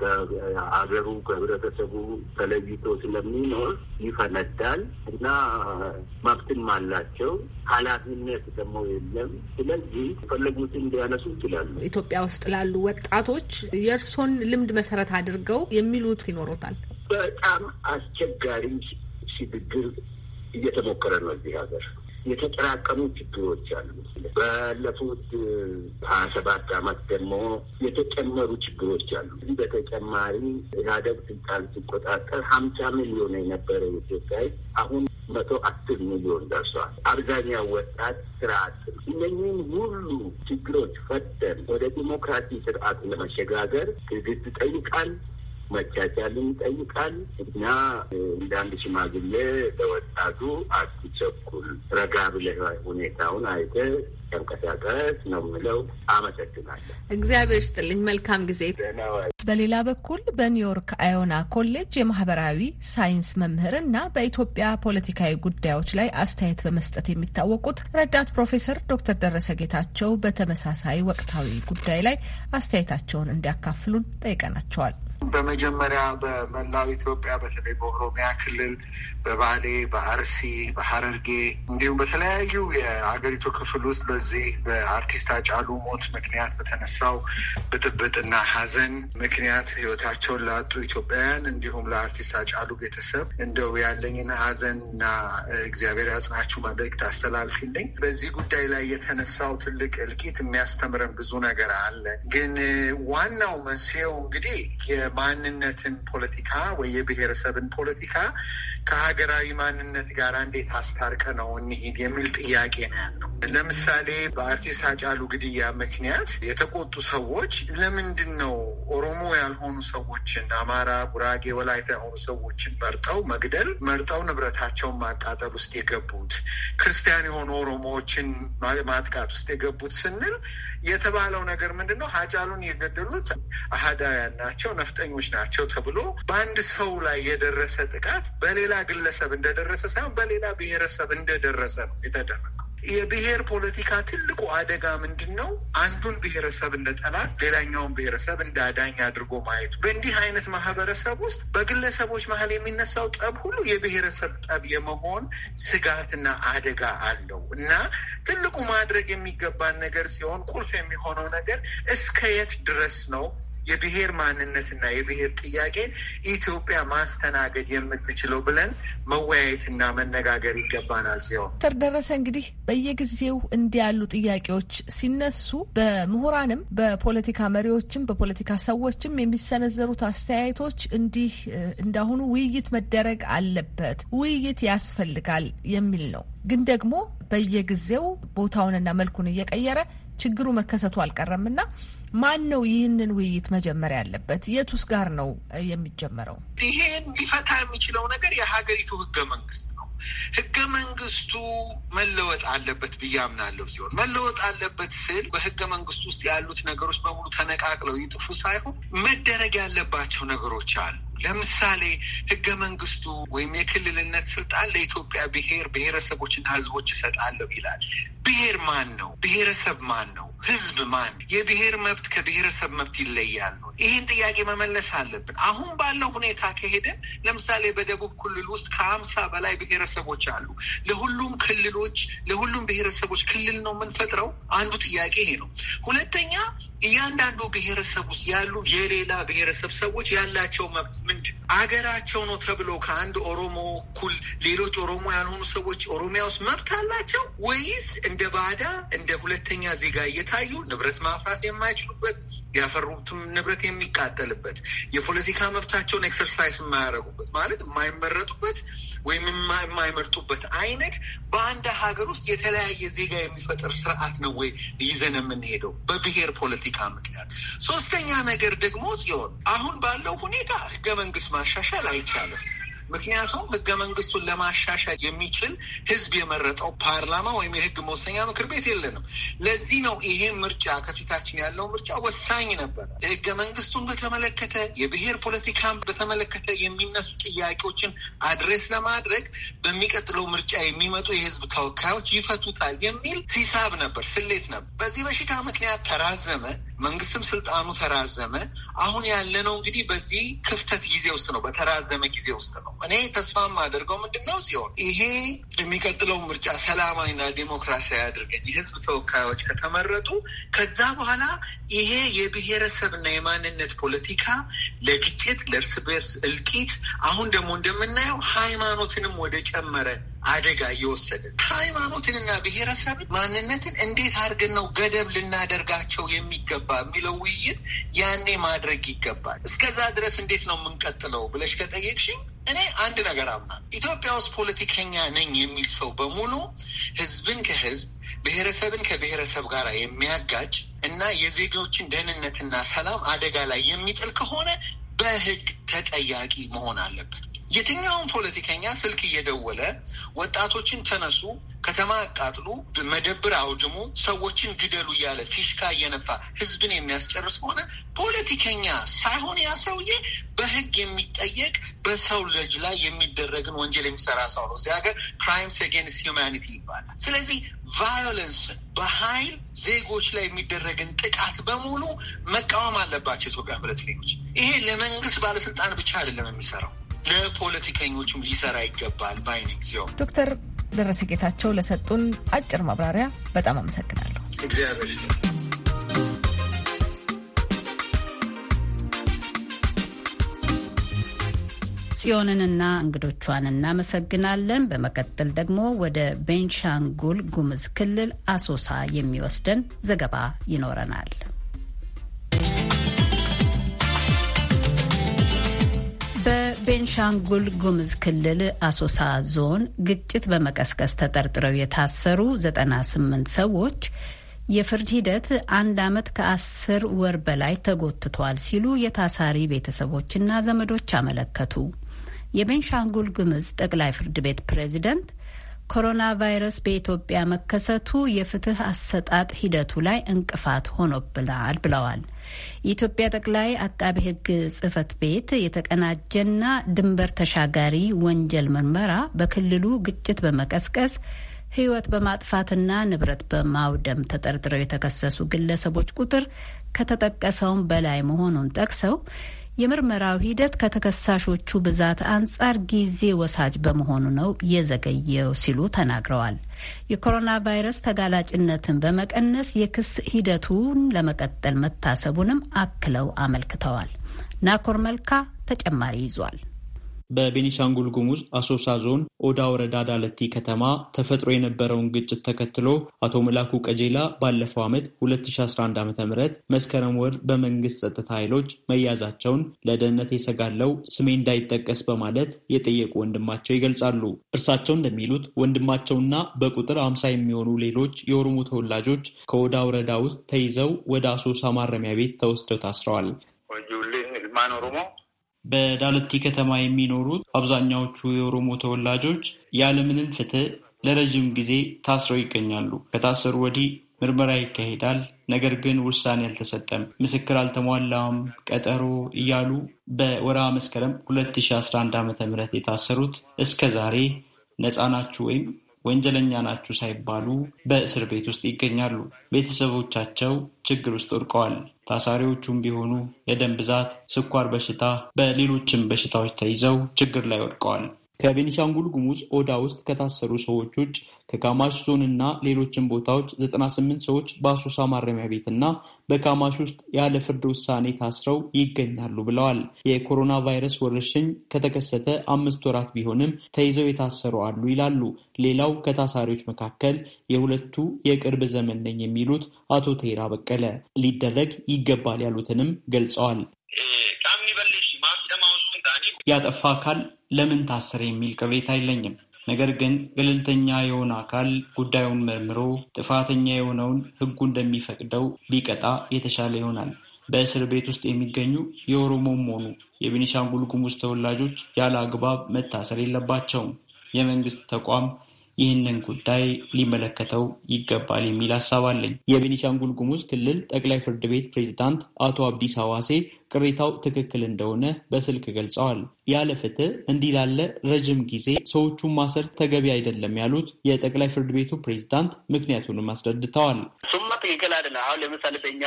ከሀገሩ ከህብረተሰቡ ተለይቶ ስለሚኖር ይፈነዳል እና መብትም አላቸው። ኃላፊነት ደግሞ የለም። ስለዚህ ፈለጉትን እንዲያነሱ ይችላሉ። ኢትዮጵያ ውስጥ ላሉ ወጣቶች የእርሶን ልምድ መሰረት አድርገው የሚሉት ይኖሮታል። በጣም አስቸጋሪ ሽግግር እየተሞከረ ነው። እዚህ ሀገር የተጠራቀሙ ችግሮች አሉ። ባለፉት ሀያ ሰባት አመት ደግሞ የተጨመሩ ችግሮች አሉ። እዚህ በተጨማሪ ኢህአደግ ስልጣን ሲቆጣጠር ሀምሳ ሚሊዮን የነበረ ኢትዮጵያ አሁን መቶ አስር ሚሊዮን ደርሷል። አብዛኛው ወጣት ስራ አጥ ነው። ሁሉ ችግሮች ፈተን ወደ ዲሞክራሲ ስርዓት ለመሸጋገር ትዕግስት ይጠይቃል። መቻቻልን ይጠይቃል እና እንደ አንድ ሽማግሌ ለወጣቱ አትቸኩል፣ ረጋ ብለህ ሁኔታውን አይተ ተንቀሳቀስ ነው የምለው። አመሰግናለሁ። እግዚአብሔር ስጥልኝ። መልካም ጊዜ። በሌላ በኩል በኒውዮርክ አዮና ኮሌጅ የማህበራዊ ሳይንስ መምህር እና በኢትዮጵያ ፖለቲካዊ ጉዳዮች ላይ አስተያየት በመስጠት የሚታወቁት ረዳት ፕሮፌሰር ዶክተር ደረሰ ጌታቸው በተመሳሳይ ወቅታዊ ጉዳይ ላይ አስተያየታቸውን እንዲያካፍሉን ጠይቀናቸዋል። በመጀመሪያ በመላው ኢትዮጵያ በተለይ በኦሮሚያ ክልል በባሌ፣ በአርሲ፣ በሐረርጌ እንዲሁም በተለያዩ የሀገሪቱ ክፍል ውስጥ በዚህ በአርቲስት አጫሉ ሞት ምክንያት በተነሳው ብጥብጥና ሐዘን ምክንያት ሕይወታቸውን ላጡ ኢትዮጵያውያን እንዲሁም ለአርቲስት አጫሉ ቤተሰብ እንደው ያለኝን እና እግዚአብሔር ያጽናችሁ መልእክት አስተላልፊልኝ። በዚህ ጉዳይ ላይ የተነሳው ትልቅ እልቂት የሚያስተምረን ብዙ ነገር አለ። ግን ዋናው መንስኤው እንግዲህ የማንነትን ፖለቲካ ወይ የብሔረሰብን ፖለቲካ ከሀገራዊ ማንነት ጋር እንዴት አስታርቀ ነው እንሂድ የሚል ጥያቄ ነው ያለው። ለምሳሌ በአርቲስት አጫሉ ግድያ ምክንያት የተቆጡ ሰዎች ለምንድን ነው ኦሮሞ ያልሆኑ ሰዎችን አማራ፣ ጉራጌ፣ ወላይታ የሆኑ ሰዎችን መርጠው መግደል መርጠው ንብረታቸውን ማቃጠል ውስጥ የገቡት ክርስቲያን የሆኑ ኦሮሞዎችን ማጥቃት ውስጥ የገቡት ስንል የተባለው ነገር ምንድን ነው? ሀጫሉን የገደሉት አህዳውያን ናቸው፣ ነፍጠኞች ናቸው ተብሎ በአንድ ሰው ላይ የደረሰ ጥቃት በሌላ ግለሰብ እንደደረሰ ሳይሆን በሌላ ብሔረሰብ እንደደረሰ ነው የተደረገው። የብሔር ፖለቲካ ትልቁ አደጋ ምንድን ነው? አንዱን ብሔረሰብ እንደ ጠላት፣ ሌላኛውን ብሔረሰብ እንደ አዳኝ አድርጎ ማየቱ። በእንዲህ አይነት ማህበረሰብ ውስጥ በግለሰቦች መሀል የሚነሳው ጠብ ሁሉ የብሔረሰብ ጠብ የመሆን ስጋትና አደጋ አለው እና ትልቁ ማድረግ የሚገባን ነገር ሲሆን ቁልፍ የሚሆነው ነገር እስከ የት ድረስ ነው የብሔር ማንነትና የብሔር ጥያቄ ኢትዮጵያ ማስተናገድ የምትችለው ብለን መወያየትና መነጋገር ይገባናል። ሲሆን ተር ደረሰ እንግዲህ በየጊዜው እንዲያሉ ጥያቄዎች ሲነሱ በምሁራንም፣ በፖለቲካ መሪዎችም፣ በፖለቲካ ሰዎችም የሚሰነዘሩት አስተያየቶች እንዲህ እንዳሁኑ ውይይት መደረግ አለበት፣ ውይይት ያስፈልጋል የሚል ነው። ግን ደግሞ በየጊዜው ቦታውንና መልኩን እየቀየረ ችግሩ መከሰቱ አልቀረምና ማን ነው ይህንን ውይይት መጀመር ያለበት? የቱስ ጋር ነው የሚጀመረው? ይሄን ሊፈታ የሚችለው ነገር የሀገሪቱ ህገ መንግስት ነው። ህገ መንግስቱ መለወጥ አለበት ብዬ አምናለሁ። ሲሆን መለወጥ አለበት ስል በህገ መንግስቱ ውስጥ ያሉት ነገሮች በሙሉ ተነቃቅለው ይጥፉ ሳይሆን መደረግ ያለባቸው ነገሮች አሉ። ለምሳሌ ህገ መንግስቱ ወይም የክልልነት ስልጣን ለኢትዮጵያ ብሔር ብሔረሰቦችና ህዝቦች እሰጣለሁ ይላል። ብሔር ማን ነው? ብሔረሰብ ማን ነው? ህዝብ ማን? የብሔር መብት ከብሔረሰብ መብት ይለያል ነው? ይህን ጥያቄ መመለስ አለብን። አሁን ባለው ሁኔታ ከሄደን ለምሳሌ በደቡብ ክልል ውስጥ ከሀምሳ በላይ ብሔረሰቦች አሉ። ለሁሉም ክልሎች ለሁሉም ብሔረሰቦች ክልል ነው የምንፈጥረው? አንዱ ጥያቄ ይሄ ነው። ሁለተኛ እያንዳንዱ ብሔረሰብ ውስጥ ያሉ የሌላ ብሔረሰብ ሰዎች ያላቸው መብት ምንድን አገራቸው ነው ተብሎ ከአንድ ኦሮሞ እኩል ሌሎች ኦሮሞ ያልሆኑ ሰዎች ኦሮሚያ ውስጥ መብት አላቸው ወይስ እንደ ባዳ እንደ ሁለተኛ ዜጋ እየታዩ ንብረት ማፍራት የማይችሉበት ያፈሩትም ንብረት የሚቃጠልበት የፖለቲካ መብታቸውን ኤክሰርሳይዝ የማያደረጉበት ማለት የማይመረጡበት ወይም የማይመርጡበት አይነት በአንድ ሀገር ውስጥ የተለያየ ዜጋ የሚፈጠር ስርዓት ነው ወይ ይዘን የምንሄደው በብሔር ፖለቲካ ምክንያት? ሶስተኛ ነገር ደግሞ ጽዮን፣ አሁን ባለው ሁኔታ ህገ መንግስት ማሻሻል አይቻልም። ምክንያቱም ህገ መንግስቱን ለማሻሻል የሚችል ህዝብ የመረጠው ፓርላማ ወይም የህግ መወሰኛ ምክር ቤት የለንም። ለዚህ ነው ይሄ ምርጫ ከፊታችን ያለው ምርጫ ወሳኝ ነበረ። ህገ መንግስቱን በተመለከተ የብሔር ፖለቲካን በተመለከተ የሚነሱ ጥያቄዎችን አድሬስ ለማድረግ በሚቀጥለው ምርጫ የሚመጡ የህዝብ ተወካዮች ይፈቱታል የሚል ሂሳብ ነበር፣ ስሌት ነበር። በዚህ በሽታ ምክንያት ተራዘመ። መንግስትም ስልጣኑ ተራዘመ። አሁን ያለነው እንግዲህ በዚህ ክፍተት ጊዜ ውስጥ ነው፣ በተራዘመ ጊዜ ውስጥ ነው። እኔ ተስፋ የማደርገው ምንድን ነው ሲሆን ይሄ የሚቀጥለው ምርጫ ሰላማዊና ዴሞክራሲያዊ አድርገን የህዝብ ተወካዮች ከተመረጡ ከዛ በኋላ ይሄ የብሔረሰብና የማንነት ፖለቲካ ለግጭት፣ ለእርስ በርስ እልቂት አሁን ደግሞ እንደምናየው ሃይማኖትንም ወደ ጨመረ አደጋ እየወሰደ ሃይማኖትንና ብሔረሰብ ማንነትን እንዴት አድርገን ነው ገደብ ልናደርጋቸው የሚገባ የሚለው ውይይት ያኔ ማድረግ ይገባል። እስከዛ ድረስ እንዴት ነው የምንቀጥለው ብለሽ ከጠየቅሽኝ እኔ አንድ ነገር አምናል። ኢትዮጵያ ውስጥ ፖለቲከኛ ነኝ የሚል ሰው በሙሉ ህዝብን ከህዝብ ብሔረሰብን ከብሔረሰብ ጋር የሚያጋጭ እና የዜጎችን ደህንነትና ሰላም አደጋ ላይ የሚጥል ከሆነ በህግ ተጠያቂ መሆን አለበት። የትኛውም ፖለቲከኛ ስልክ እየደወለ ወጣቶችን ተነሱ፣ ከተማ አቃጥሉ፣ መደብር አውድሙ፣ ሰዎችን ግደሉ እያለ ፊሽካ እየነፋ ህዝብን የሚያስጨርስ ከሆነ ፖለቲከኛ ሳይሆን ያ ሰውዬ በህግ የሚጠየቅ በሰው ልጅ ላይ የሚደረግን ወንጀል የሚሰራ ሰው ነው። እዚህ ሀገር ክራይምስ አጌንስት ሂውማኒቲ ይባላል። ስለዚህ ቫዮለንስ በኃይል ዜጎች ላይ የሚደረግን ጥቃት በሙሉ መቃወም አለባቸው የኢትዮጵያ ፖለቲከኞች። ይሄ ለመንግስት ባለስልጣን ብቻ አይደለም የሚሰራው ለፖለቲከኞቹም ሊሰራ ይገባል ባይነኝ ሲሆን ዶክተር ደረሰ ጌታቸው ለሰጡን አጭር ማብራሪያ በጣም አመሰግናለሁ። እግዚአብሔር ጽዮንንና እንግዶቿን እናመሰግናለን። በመቀጠል ደግሞ ወደ ቤንሻንጉል ጉምዝ ክልል አሶሳ የሚወስደን ዘገባ ይኖረናል። በቤንሻንጉል ጉምዝ ክልል አሶሳ ዞን ግጭት በመቀስቀስ ተጠርጥረው የታሰሩ 98 ሰዎች የፍርድ ሂደት አንድ ዓመት ከአስር ወር በላይ ተጎትቷል ሲሉ የታሳሪ ቤተሰቦችና ዘመዶች አመለከቱ። የቤንሻንጉል ጉምዝ ጠቅላይ ፍርድ ቤት ፕሬዚደንት። ኮሮና ቫይረስ በኢትዮጵያ መከሰቱ የፍትህ አሰጣጥ ሂደቱ ላይ እንቅፋት ሆኖብናል ብለዋል። የኢትዮጵያ ጠቅላይ አቃቤ ሕግ ጽህፈት ቤት የተቀናጀና ድንበር ተሻጋሪ ወንጀል ምርመራ በክልሉ ግጭት በመቀስቀስ ህይወት በማጥፋትና ንብረት በማውደም ተጠርጥረው የተከሰሱ ግለሰቦች ቁጥር ከተጠቀሰውም በላይ መሆኑን ጠቅሰው የምርመራው ሂደት ከተከሳሾቹ ብዛት አንጻር ጊዜ ወሳጅ በመሆኑ ነው የዘገየው ሲሉ ተናግረዋል። የኮሮና ቫይረስ ተጋላጭነትን በመቀነስ የክስ ሂደቱን ለመቀጠል መታሰቡንም አክለው አመልክተዋል። ናኮር መልካ ተጨማሪ ይዟል። በቤኒሻንጉል ጉሙዝ አሶሳ ዞን ኦዳ ወረዳ ዳለቲ ከተማ ተፈጥሮ የነበረውን ግጭት ተከትሎ አቶ መላኩ ቀጄላ ባለፈው ዓመት 2011 ዓ ም መስከረም ወር በመንግስት ጸጥታ ኃይሎች መያዛቸውን ለደህንነት የሰጋለው ስሜ እንዳይጠቀስ በማለት የጠየቁ ወንድማቸው ይገልጻሉ። እርሳቸው እንደሚሉት ወንድማቸውና በቁጥር አምሳ የሚሆኑ ሌሎች የኦሮሞ ተወላጆች ከኦዳ ወረዳ ውስጥ ተይዘው ወደ አሶሳ ማረሚያ ቤት ተወስደው ታስረዋል። በዳለቲ ከተማ የሚኖሩት አብዛኛዎቹ የኦሮሞ ተወላጆች ያለምንም ፍትህ ለረዥም ጊዜ ታስረው ይገኛሉ። ከታሰሩ ወዲህ ምርመራ ይካሄዳል፣ ነገር ግን ውሳኔ አልተሰጠም፣ ምስክር አልተሟላም፣ ቀጠሮ እያሉ በወርሃ መስከረም 2011 ዓ.ም የታሰሩት እስከ ዛሬ ነፃ ናችሁ ወይም ወንጀለኛ ናችሁ ሳይባሉ በእስር ቤት ውስጥ ይገኛሉ። ቤተሰቦቻቸው ችግር ውስጥ ወድቀዋል። ታሳሪዎቹም ቢሆኑ የደም ብዛት፣ ስኳር በሽታ፣ በሌሎችም በሽታዎች ተይዘው ችግር ላይ ወድቀዋል። ከቤኒሻንጉል ጉሙዝ ኦዳ ውስጥ ከታሰሩ ሰዎች ውጭ ከካማሽ ዞን እና ሌሎችን ቦታዎች 98 ሰዎች በአሶሳ ማረሚያ ቤትና በካማሽ ውስጥ ያለ ፍርድ ውሳኔ ታስረው ይገኛሉ ብለዋል። የኮሮና ቫይረስ ወረርሽኝ ከተከሰተ አምስት ወራት ቢሆንም ተይዘው የታሰሩ አሉ ይላሉ። ሌላው ከታሳሪዎች መካከል የሁለቱ የቅርብ ዘመን ነኝ የሚሉት አቶ ቴራ በቀለ ሊደረግ ይገባል ያሉትንም ገልጸዋል። ያጠፋ አካል ለምን ታሰረ የሚል ቅሬታ የለኝም። ነገር ግን ገለልተኛ የሆነ አካል ጉዳዩን መርምሮ ጥፋተኛ የሆነውን ሕጉ እንደሚፈቅደው ቢቀጣ የተሻለ ይሆናል። በእስር ቤት ውስጥ የሚገኙ የኦሮሞም ሆኑ የቤኒሻንጉል ጉሙዝ ተወላጆች ያለ አግባብ መታሰር የለባቸውም። የመንግስት ተቋም ይህንን ጉዳይ ሊመለከተው ይገባል የሚል ሀሳብ አለኝ። የቤኒሻንጉል ጉሙዝ ክልል ጠቅላይ ፍርድ ቤት ፕሬዚዳንት አቶ አብዲስ ሐዋሴ ቅሬታው ትክክል እንደሆነ በስልክ ገልጸዋል። ያለ ፍትህ እንዲህ ላለ ረጅም ጊዜ ሰዎቹን ማሰር ተገቢ አይደለም ያሉት የጠቅላይ ፍርድ ቤቱ ፕሬዝዳንት ምክንያቱንም አስረድተዋል። እሱማ ትክክል አይደለም። አሁን ለምሳሌ በእኛ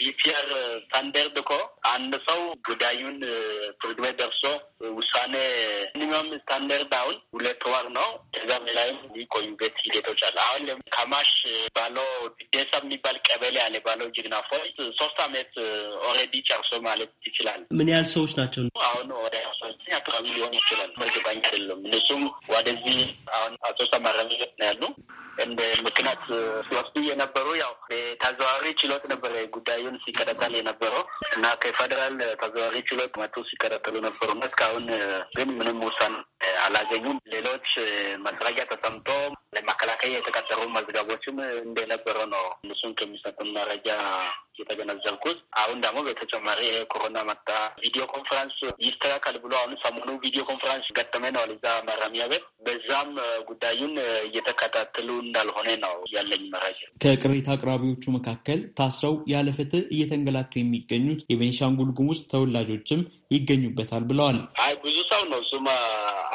ቢፒአር ስታንዳርድ እኮ አንድ ሰው ጉዳዩን ፍርድ ቤት ደርሶ ውሳኔ ሚኒመም ስታንዳርድ አሁን ሁለት ወር ነው። ከዛ በላይም ሊቆዩበት ሂደቶች አለ። አሁን ከማሽ ባለው ደሳ የሚባል ቀበሌ አለ ባለው ጅግና ፎይ ሶስት አመት ኦልሬዲ ጨርሶ ሰው ማለት ይችላል። ምን ያህል ሰዎች ናቸው? አሁን ወደ ሰዎች አካባቢ ሊሆን ይችላል። እርግጠኛ አይደለም። እነሱም ወደዚህ አሁን አሶሳ ማረሚያ ነው ያሉ እንደ ምክንያት ሲወስዱ የነበሩ ያው ተዘዋዋሪ ችሎት ነበረ ጉዳዩን ሲከታተል የነበረው እና ከፌደራል ተዘዋዋሪ ችሎት መቶ ሲከታተሉ ነበሩ እና እስካሁን ግን ምንም ውሳኔ አላገኙም። ሌሎች መስረጃ ተሰምቶ ለማከላከያ የተቀጠሩ መዝገቦችም እንደነበረ ነው እነሱን ከሚሰጡን መረጃ የተገነዘብኩት። አሁን ደግሞ በተጨማሪ ኮሮና መጣ፣ ቪዲዮ ኮንፈረንስ ይስተካከል ብሎ አሁን ሰሞኑ ቪዲዮ ኮንፈረንስ ገጠመ ነዋል እዛ ማረሚያ ቤት። በዛም ጉዳዩን እየተከታተሉ እንዳልሆነ ነው ያለኝ መረጃ። ከቅሬታ አቅራቢዎቹ መካከል ታስረው ያለ ፍትህ እየተንገላቱ የሚገኙት የቤንሻንጉል ጉሙዝ ተወላጆችም ይገኙበታል ብለዋል። አይ ብዙ ሰው ነው እሱም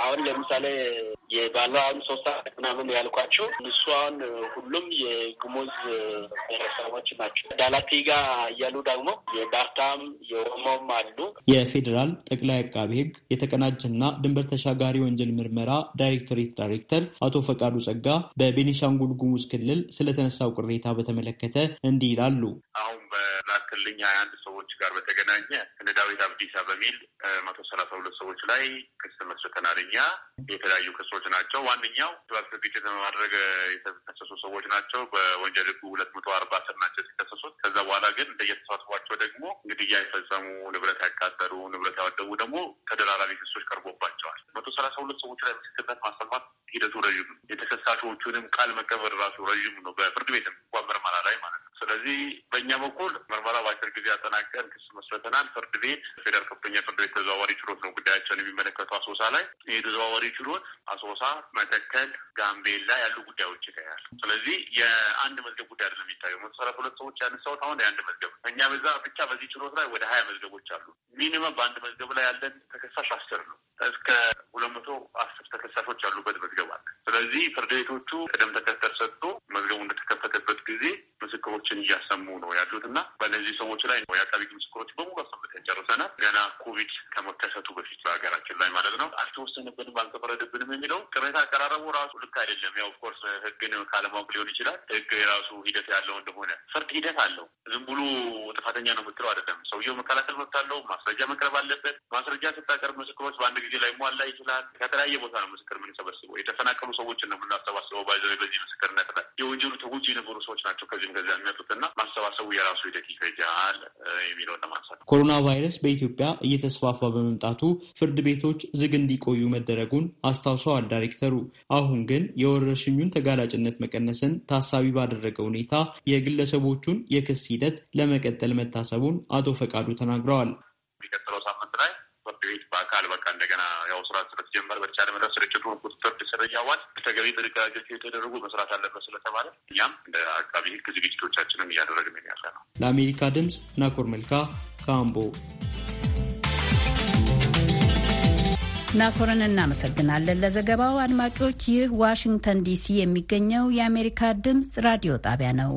አሁን ለምሳሌ የባለው አሁን ሶስት ሰዓት ምናምን ያልኳቸው እሱ አሁን ሁሉም የጉሙዝ ብሔረሰቦች ናቸው። ዳላቲጋ እያሉ ደግሞ የዳርታም የኦሮሞም አሉ። የፌዴራል ጠቅላይ አቃቤ ሕግ የተቀናጀና ድንበር ተሻጋሪ ወንጀል ምርመራ ዳይሬክቶሬት ዳይሬክተር አቶ ፈቃዱ ጸጋ በቤኒሻንጉል ጉሙዝ ክልል ስለተነሳው ቅሬታ በተመለከተ እንዲህ ይላሉ። በላክልኝ ሀያ አንድ ሰዎች ጋር በተገናኘ እነ ዳዊት አብዲሳ በሚል መቶ ሰላሳ ሁለት ሰዎች ላይ ክስ መስርተናል። እኛ የተለያዩ ክሶች ናቸው። ዋነኛው ባክስ ግጭት በማድረግ የተከሰሱ ሰዎች ናቸው። በወንጀል ህጉ ሁለት መቶ አርባ ስር ናቸው የተከሰሱት። ከዛ በኋላ ግን እንደየተሳትፏቸው ደግሞ ግድያ የፈጸሙ፣ ንብረት ያቃጠሩ ንብረት ያወደሙ ደግሞ ተደራራቢ ክሶች ቀርቦባቸዋል። መቶ ሰላሳ ሁለት ሰዎች ላይ ምስክርነት ማሰማት ሂደቱ ረዥም ነው። የተከሳሾቹንም ቃል መቀበል ራሱ ረዥም ነው። በፍርድ ቤትም እንኳን ምርመራ ላይ ማለት ነው። ስለዚህ በእኛ በኩል በኩል ምርመራ በአጭር ጊዜ አጠናቀን ክስ መስረተናል። ፍርድ ቤት ፌደራል ከፍተኛ ፍርድ ቤት ተዘዋዋሪ ችሎት ነው ጉዳያቸውን የሚመለከቱ አሶሳ ላይ ይህ ተዘዋዋሪ ችሎት አሶሳ፣ መተከል፣ ጋምቤላ ያሉ ጉዳዮች ይታያል። ስለዚህ የአንድ መዝገብ ጉዳይ አይደለም የሚታየው መቶ ሰላሳ ሁለት ሰዎች ያነሳሁት አሁን የአንድ መዝገብ እኛ በዛ ብቻ በዚህ ችሎት ላይ ወደ ሀያ መዝገቦች አሉ። ሚኒመም በአንድ መዝገብ ላይ ያለን ተከሳሽ አስር ነው። እስከ ሁለት መቶ አስር ተከሳሾች ያሉበት መዝገብ አለ። ስለዚህ ፍርድ ቤቶቹ ቅደም ተከተል ሰጥቶ መዝገቡ እንደተከፈተበት ጊዜ ምስክሮችን እያሰሙ ነው ያሉት እና በእነዚህ ሰዎች ላይ የአቃቢ ሕግ ምስክሮች በሙሉ አሰምተን ጨርሰናል። ገና ኮቪድ ከመከሰቱ በፊት በሀገራችን ላይ ማለት ነው አልተወሰንብንም፣ አልተፈረደብንም የሚለው ቅሬታ አቀራረቡ ራሱ ልክ አይደለም። ያው ኦፍኮርስ ህግን ካለማወቅ ሊሆን ይችላል። ህግ የራሱ ሂደት ያለው እንደሆነ ፍርድ ሂደት አለው። ዝም ብሎ ጥፋተኛ ነው የምትለው አይደለም። ሰውየው መከላከል መብት አለው። ማስረጃ መቅረብ አለበት። ማስረጃ ስታቀርብ ምስክሮች በአንድ ጊዜ ላይ ሟላ ይችላል። ከተለያየ ቦታ ነው ምስክር የምንሰበስበው የተፈናቀሉ ሰዎችን ነው የምናሰባስበው። ባይዘ በዚህ ምስክርነት ላይ የወንጀሉ ተጎጂ የነበሩ ሰዎች ናቸው ከዚህም ከዚያ የሚመጡትና ማሰባሰቡ የራሱ ሂደት ይፈጃል የሚለውን ለማንሳት ኮሮና ቫይረስ በኢትዮጵያ እየተስፋፋ በመምጣቱ ፍርድ ቤቶች ዝግ እንዲቆዩ መደረጉን አስታውሰዋል ዳይሬክተሩ። አሁን ግን የወረርሽኙን ተጋላጭነት መቀነስን ታሳቢ ባደረገ ሁኔታ የግለሰቦቹን የክስ ሂደት ለመቀጠል መታሰቡን አቶ ፈቃዱ ተናግረዋል። ቤት በአካል በቃ እንደገና ያው ስራ ስለተጀመረ በተቻለ መጠን ስርጭቱ ቁጥጥር ስር ተገቢ ጥንቃቄዎች የተደረጉ መስራት አለበት ስለተባለ እኛም እንደ አቃቢ ህግ ዝግጅቶቻችንም እያደረግን ያለ ነው። ለአሜሪካ ድምፅ ናኮር መልካ ከአምቦ። ናኮርን እናመሰግናለን ለዘገባው። አድማጮች፣ ይህ ዋሽንግተን ዲሲ የሚገኘው የአሜሪካ ድምፅ ራዲዮ ጣቢያ ነው።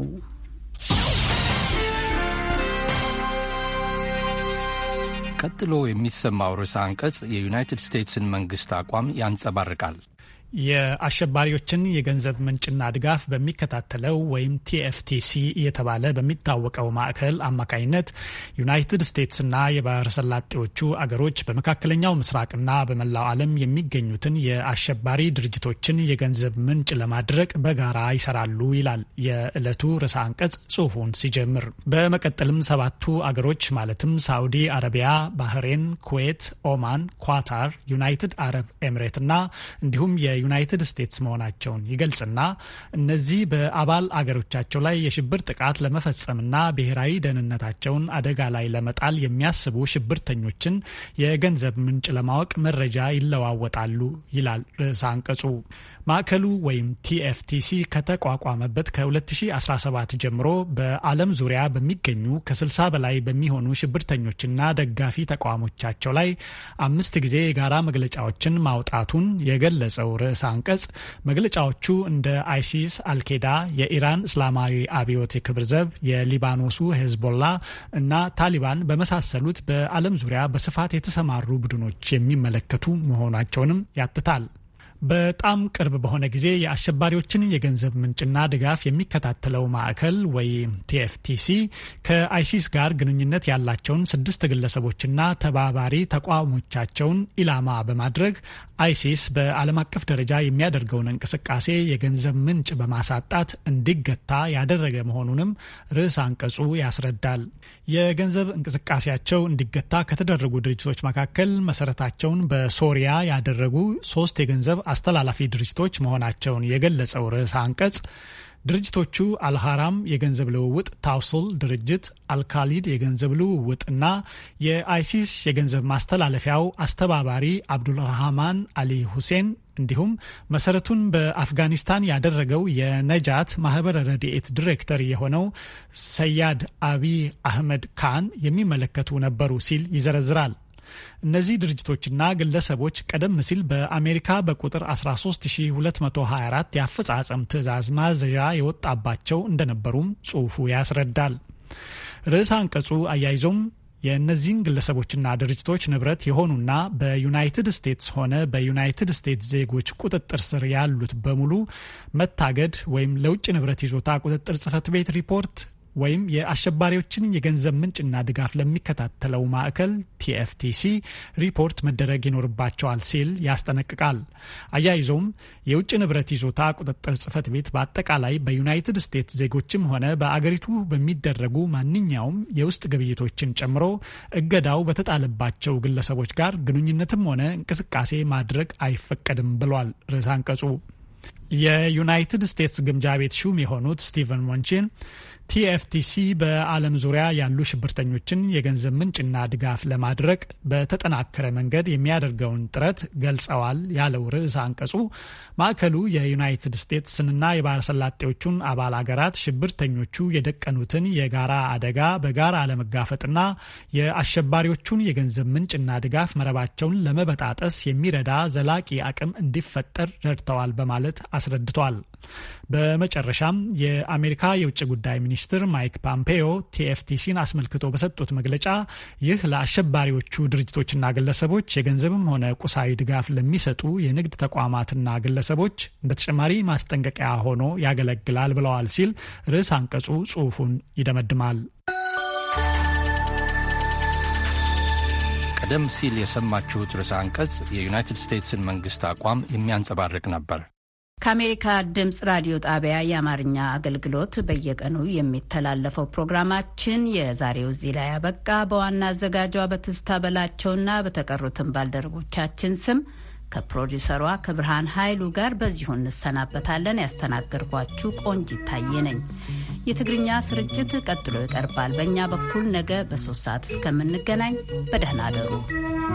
ቀጥሎ የሚሰማው ርዕሰ አንቀጽ የዩናይትድ ስቴትስን መንግሥት አቋም ያንጸባርቃል። የአሸባሪዎችን የገንዘብ ምንጭና ድጋፍ በሚከታተለው ወይም ቲኤፍቲሲ እየተባለ በሚታወቀው ማዕከል አማካኝነት ዩናይትድ ስቴትስና የባህረ ሰላጤዎቹ አገሮች በመካከለኛው ምስራቅና በመላው ዓለም የሚገኙትን የአሸባሪ ድርጅቶችን የገንዘብ ምንጭ ለማድረቅ በጋራ ይሰራሉ ይላል የዕለቱ ርዕሰ አንቀጽ ጽሑፉን ሲጀምር። በመቀጠልም ሰባቱ አገሮች ማለትም ሳዑዲ አረቢያ፣ ባህሬን፣ ኩዌት፣ ኦማን፣ ኳታር፣ ዩናይትድ አረብ ኤምሬትና እንዲሁም የ የዩናይትድ ስቴትስ መሆናቸውን ይገልጽና እነዚህ በአባል አገሮቻቸው ላይ የሽብር ጥቃት ለመፈጸምና ብሔራዊ ደህንነታቸውን አደጋ ላይ ለመጣል የሚያስቡ ሽብርተኞችን የገንዘብ ምንጭ ለማወቅ መረጃ ይለዋወጣሉ ይላል ርዕሰ አንቀጹ። ማዕከሉ ወይም ቲኤፍቲሲ ከተቋቋመበት ከ2017 ጀምሮ በዓለም ዙሪያ በሚገኙ ከ60 በላይ በሚሆኑ ሽብርተኞችና ደጋፊ ተቋሞቻቸው ላይ አምስት ጊዜ የጋራ መግለጫዎችን ማውጣቱን የገለጸው ርዕሰ አንቀጽ መግለጫዎቹ እንደ አይሲስ፣ አልኬዳ፣ የኢራን እስላማዊ አብዮት የክብር ዘብ፣ የሊባኖሱ ሄዝቦላ እና ታሊባን በመሳሰሉት በዓለም ዙሪያ በስፋት የተሰማሩ ቡድኖች የሚመለከቱ መሆናቸውንም ያትታል። በጣም ቅርብ በሆነ ጊዜ የአሸባሪዎችን የገንዘብ ምንጭና ድጋፍ የሚከታተለው ማዕከል ወይም ቲኤፍቲሲ ከአይሲስ ጋር ግንኙነት ያላቸውን ስድስት ግለሰቦችና ተባባሪ ተቋሞቻቸውን ኢላማ በማድረግ አይሲስ በዓለም አቀፍ ደረጃ የሚያደርገውን እንቅስቃሴ የገንዘብ ምንጭ በማሳጣት እንዲገታ ያደረገ መሆኑንም ርዕስ አንቀጹ ያስረዳል። የገንዘብ እንቅስቃሴያቸው እንዲገታ ከተደረጉ ድርጅቶች መካከል መሰረታቸውን በሶሪያ ያደረጉ ሶስት የገንዘብ አስተላላፊ ድርጅቶች መሆናቸውን የገለጸው ርዕሰ አንቀጽ ድርጅቶቹ አልሃራም የገንዘብ ልውውጥ፣ ታውስል ድርጅት፣ አልካሊድ የገንዘብ ልውውጥ እና የአይሲስ የገንዘብ ማስተላለፊያው አስተባባሪ አብዱልራህማን አሊ ሁሴን እንዲሁም መሰረቱን በአፍጋኒስታን ያደረገው የነጃት ማህበረ ረድኤት ዲሬክተር የሆነው ሰያድ አቢ አህመድ ካን የሚመለከቱ ነበሩ ሲል ይዘረዝራል። እነዚህ ድርጅቶችና ግለሰቦች ቀደም ሲል በአሜሪካ በቁጥር 13224 የአፈጻጸም ትዕዛዝ ማዘዣ የወጣባቸው እንደነበሩም ጽሑፉ ያስረዳል። ርዕስ አንቀጹ አያይዞም የእነዚህን ግለሰቦችና ድርጅቶች ንብረት የሆኑና በዩናይትድ ስቴትስ ሆነ በዩናይትድ ስቴትስ ዜጎች ቁጥጥር ስር ያሉት በሙሉ መታገድ ወይም ለውጭ ንብረት ይዞታ ቁጥጥር ጽፈት ቤት ሪፖርት ወይም የአሸባሪዎችን የገንዘብ ምንጭና ድጋፍ ለሚከታተለው ማዕከል ቲኤፍቲሲ ሪፖርት መደረግ ይኖርባቸዋል ሲል ያስጠነቅቃል። አያይዞም የውጭ ንብረት ይዞታ ቁጥጥር ጽህፈት ቤት በአጠቃላይ በዩናይትድ ስቴትስ ዜጎችም ሆነ በአገሪቱ በሚደረጉ ማንኛውም የውስጥ ግብይቶችን ጨምሮ እገዳው በተጣለባቸው ግለሰቦች ጋር ግንኙነትም ሆነ እንቅስቃሴ ማድረግ አይፈቀድም ብሏል ርዕሳ አንቀጹ። የዩናይትድ ስቴትስ ግምጃ ቤት ሹም የሆኑት ስቲቨን ሞንቺን ቲኤፍቲሲ በዓለም ዙሪያ ያሉ ሽብርተኞችን የገንዘብ ምንጭና ድጋፍ ለማድረግ በተጠናከረ መንገድ የሚያደርገውን ጥረት ገልጸዋል ያለው ርዕስ አንቀጹ ማዕከሉ የዩናይትድ ስቴትስንና የባለሰላጤዎቹን አባል አገራት ሽብርተኞቹ የደቀኑትን የጋራ አደጋ በጋራ ለመጋፈጥና የአሸባሪዎቹን የገንዘብ ምንጭና ድጋፍ መረባቸውን ለመበጣጠስ የሚረዳ ዘላቂ አቅም እንዲፈጠር ረድተዋል በማለት አስረድቷል። በመጨረሻም የአሜሪካ የውጭ ጉዳይ ሚኒስትር ማይክ ፓምፔዮ ቲኤፍቲሲን አስመልክቶ በሰጡት መግለጫ ይህ ለአሸባሪዎቹ ድርጅቶችና ግለሰቦች የገንዘብም ሆነ ቁሳዊ ድጋፍ ለሚሰጡ የንግድ ተቋማትና ግለሰቦች በተጨማሪ ማስጠንቀቂያ ሆኖ ያገለግላል ብለዋል ሲል ርዕስ አንቀጹ ጽሑፉን ይደመድማል። ቀደም ሲል የሰማችሁት ርዕሰ አንቀጽ የዩናይትድ ስቴትስን መንግስት አቋም የሚያንጸባርቅ ነበር። ከአሜሪካ ድምፅ ራዲዮ ጣቢያ የአማርኛ አገልግሎት በየቀኑ የሚተላለፈው ፕሮግራማችን የዛሬው እዚህ ላይ ያበቃ። በዋና አዘጋጇ በትዝታ በላቸውና በተቀሩትን ባልደረቦቻችን ስም ከፕሮዲውሰሯ ከብርሃን ኃይሉ ጋር በዚሁ እንሰናበታለን። ያስተናገድኳችሁ ቆንጅ ይታየ ነኝ። የትግርኛ ስርጭት ቀጥሎ ይቀርባል። በእኛ በኩል ነገ በሶስት ሰዓት እስከምንገናኝ በደህና አደሩ።